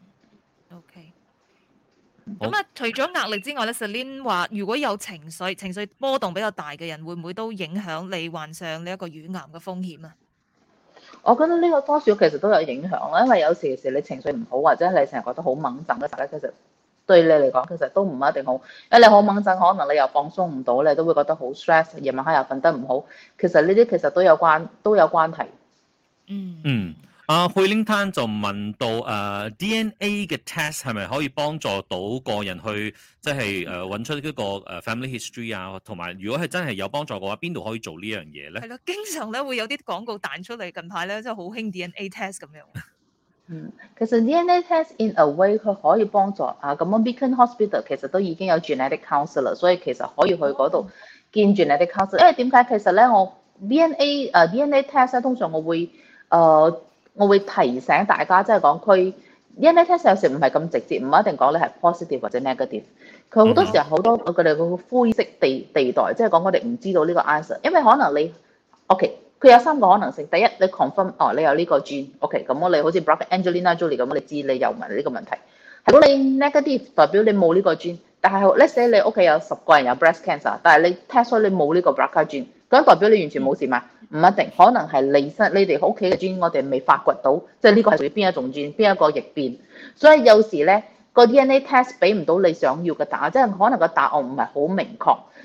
咁啊，好除咗壓力之外咧，Selin 話，如果有情緒情緒波動比較大嘅人，會唔會都影響你患上呢一個乳癌嘅風險啊？我覺得呢個多少其實都有影響，因為有時時你情緒唔好，或者你成日覺得好掹掙嘅時候咧，其實對你嚟講其實都唔一定好。因為你好掹掙，可能你又放鬆唔到咧，你都會覺得好 stress，夜晚黑又瞓得唔好。其實呢啲其實都有關都有關係。嗯。嗯。啊，佩林坦就問到誒、呃、DNA 嘅 test 係咪可以幫助到個人去即係誒揾出一個誒 family history 啊，同埋如果係真係有幫助嘅話，邊度可以做樣呢樣嘢咧？係咯，經常咧會有啲廣告彈出嚟，近排咧即係好興 DNA test 咁樣。嗯，其實 DNA test in a way 佢可以幫助啊。咁啊，Beacon Hospital 其實都已經有 genetic counsellor，所以其實可以去嗰度見住 genetic counsellor。因為點解其實咧我 DNA 誒、uh, DNA test 通常我會誒。呃我會提醒大家，即係講佢呢個 test 有時唔係咁直接，唔一定講你係 positive 或者 negative。佢好多時候好多我哋個灰色地地帶，即係講我哋唔知道呢個 answer，因為可能你 OK，佢有三個可能性。第一，你 confirm 哦，你有呢個 gene，OK，咁我哋好似 Brca Angelina Jolie 咁，我哋知你有唔呢個問題。如果你 negative，代表你冇呢個 gene。但係好，let's say 你屋企有十個人有 breast cancer，但係你 test show 你冇呢個 Brca gene。咁代表你完全冇事嘛？唔一定，可能係你身你哋屋企嘅轉，我哋未發掘到，即係呢個係屬於邊一種轉，邊一個逆變。所以有時咧，個 DNA test 俾唔到你想要嘅答案，即係可能個答案唔係好明確。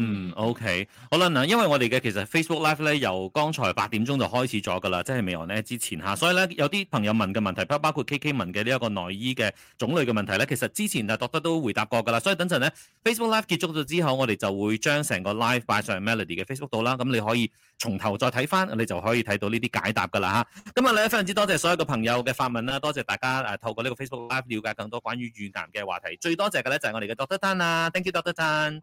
嗯，OK，好啦嗱，因為我哋嘅其實 Facebook Live 咧，由剛才八點鐘就開始咗噶啦，即係未完呢之前嚇，所以咧有啲朋友問嘅問題，包包括 K K 問嘅呢一個內衣嘅種類嘅問題咧，其實之前啊 Doctor 都回答過噶啦，所以等陣咧 Facebook Live 結束咗之後，我哋就會將成個 live 擺 Mel 上 Melody 嘅 Facebook 度啦，咁、嗯、你可以從頭再睇翻，你就可以睇到呢啲解答噶啦、啊、今日啊，非常之多謝所有嘅朋友嘅發問啦，多謝大家誒透過呢個 Facebook Live 了解更多關於乳癌嘅話題。最多謝嘅咧就係、是、我哋嘅 Doctor Tan 啦、啊、Thank you Doctor Tan。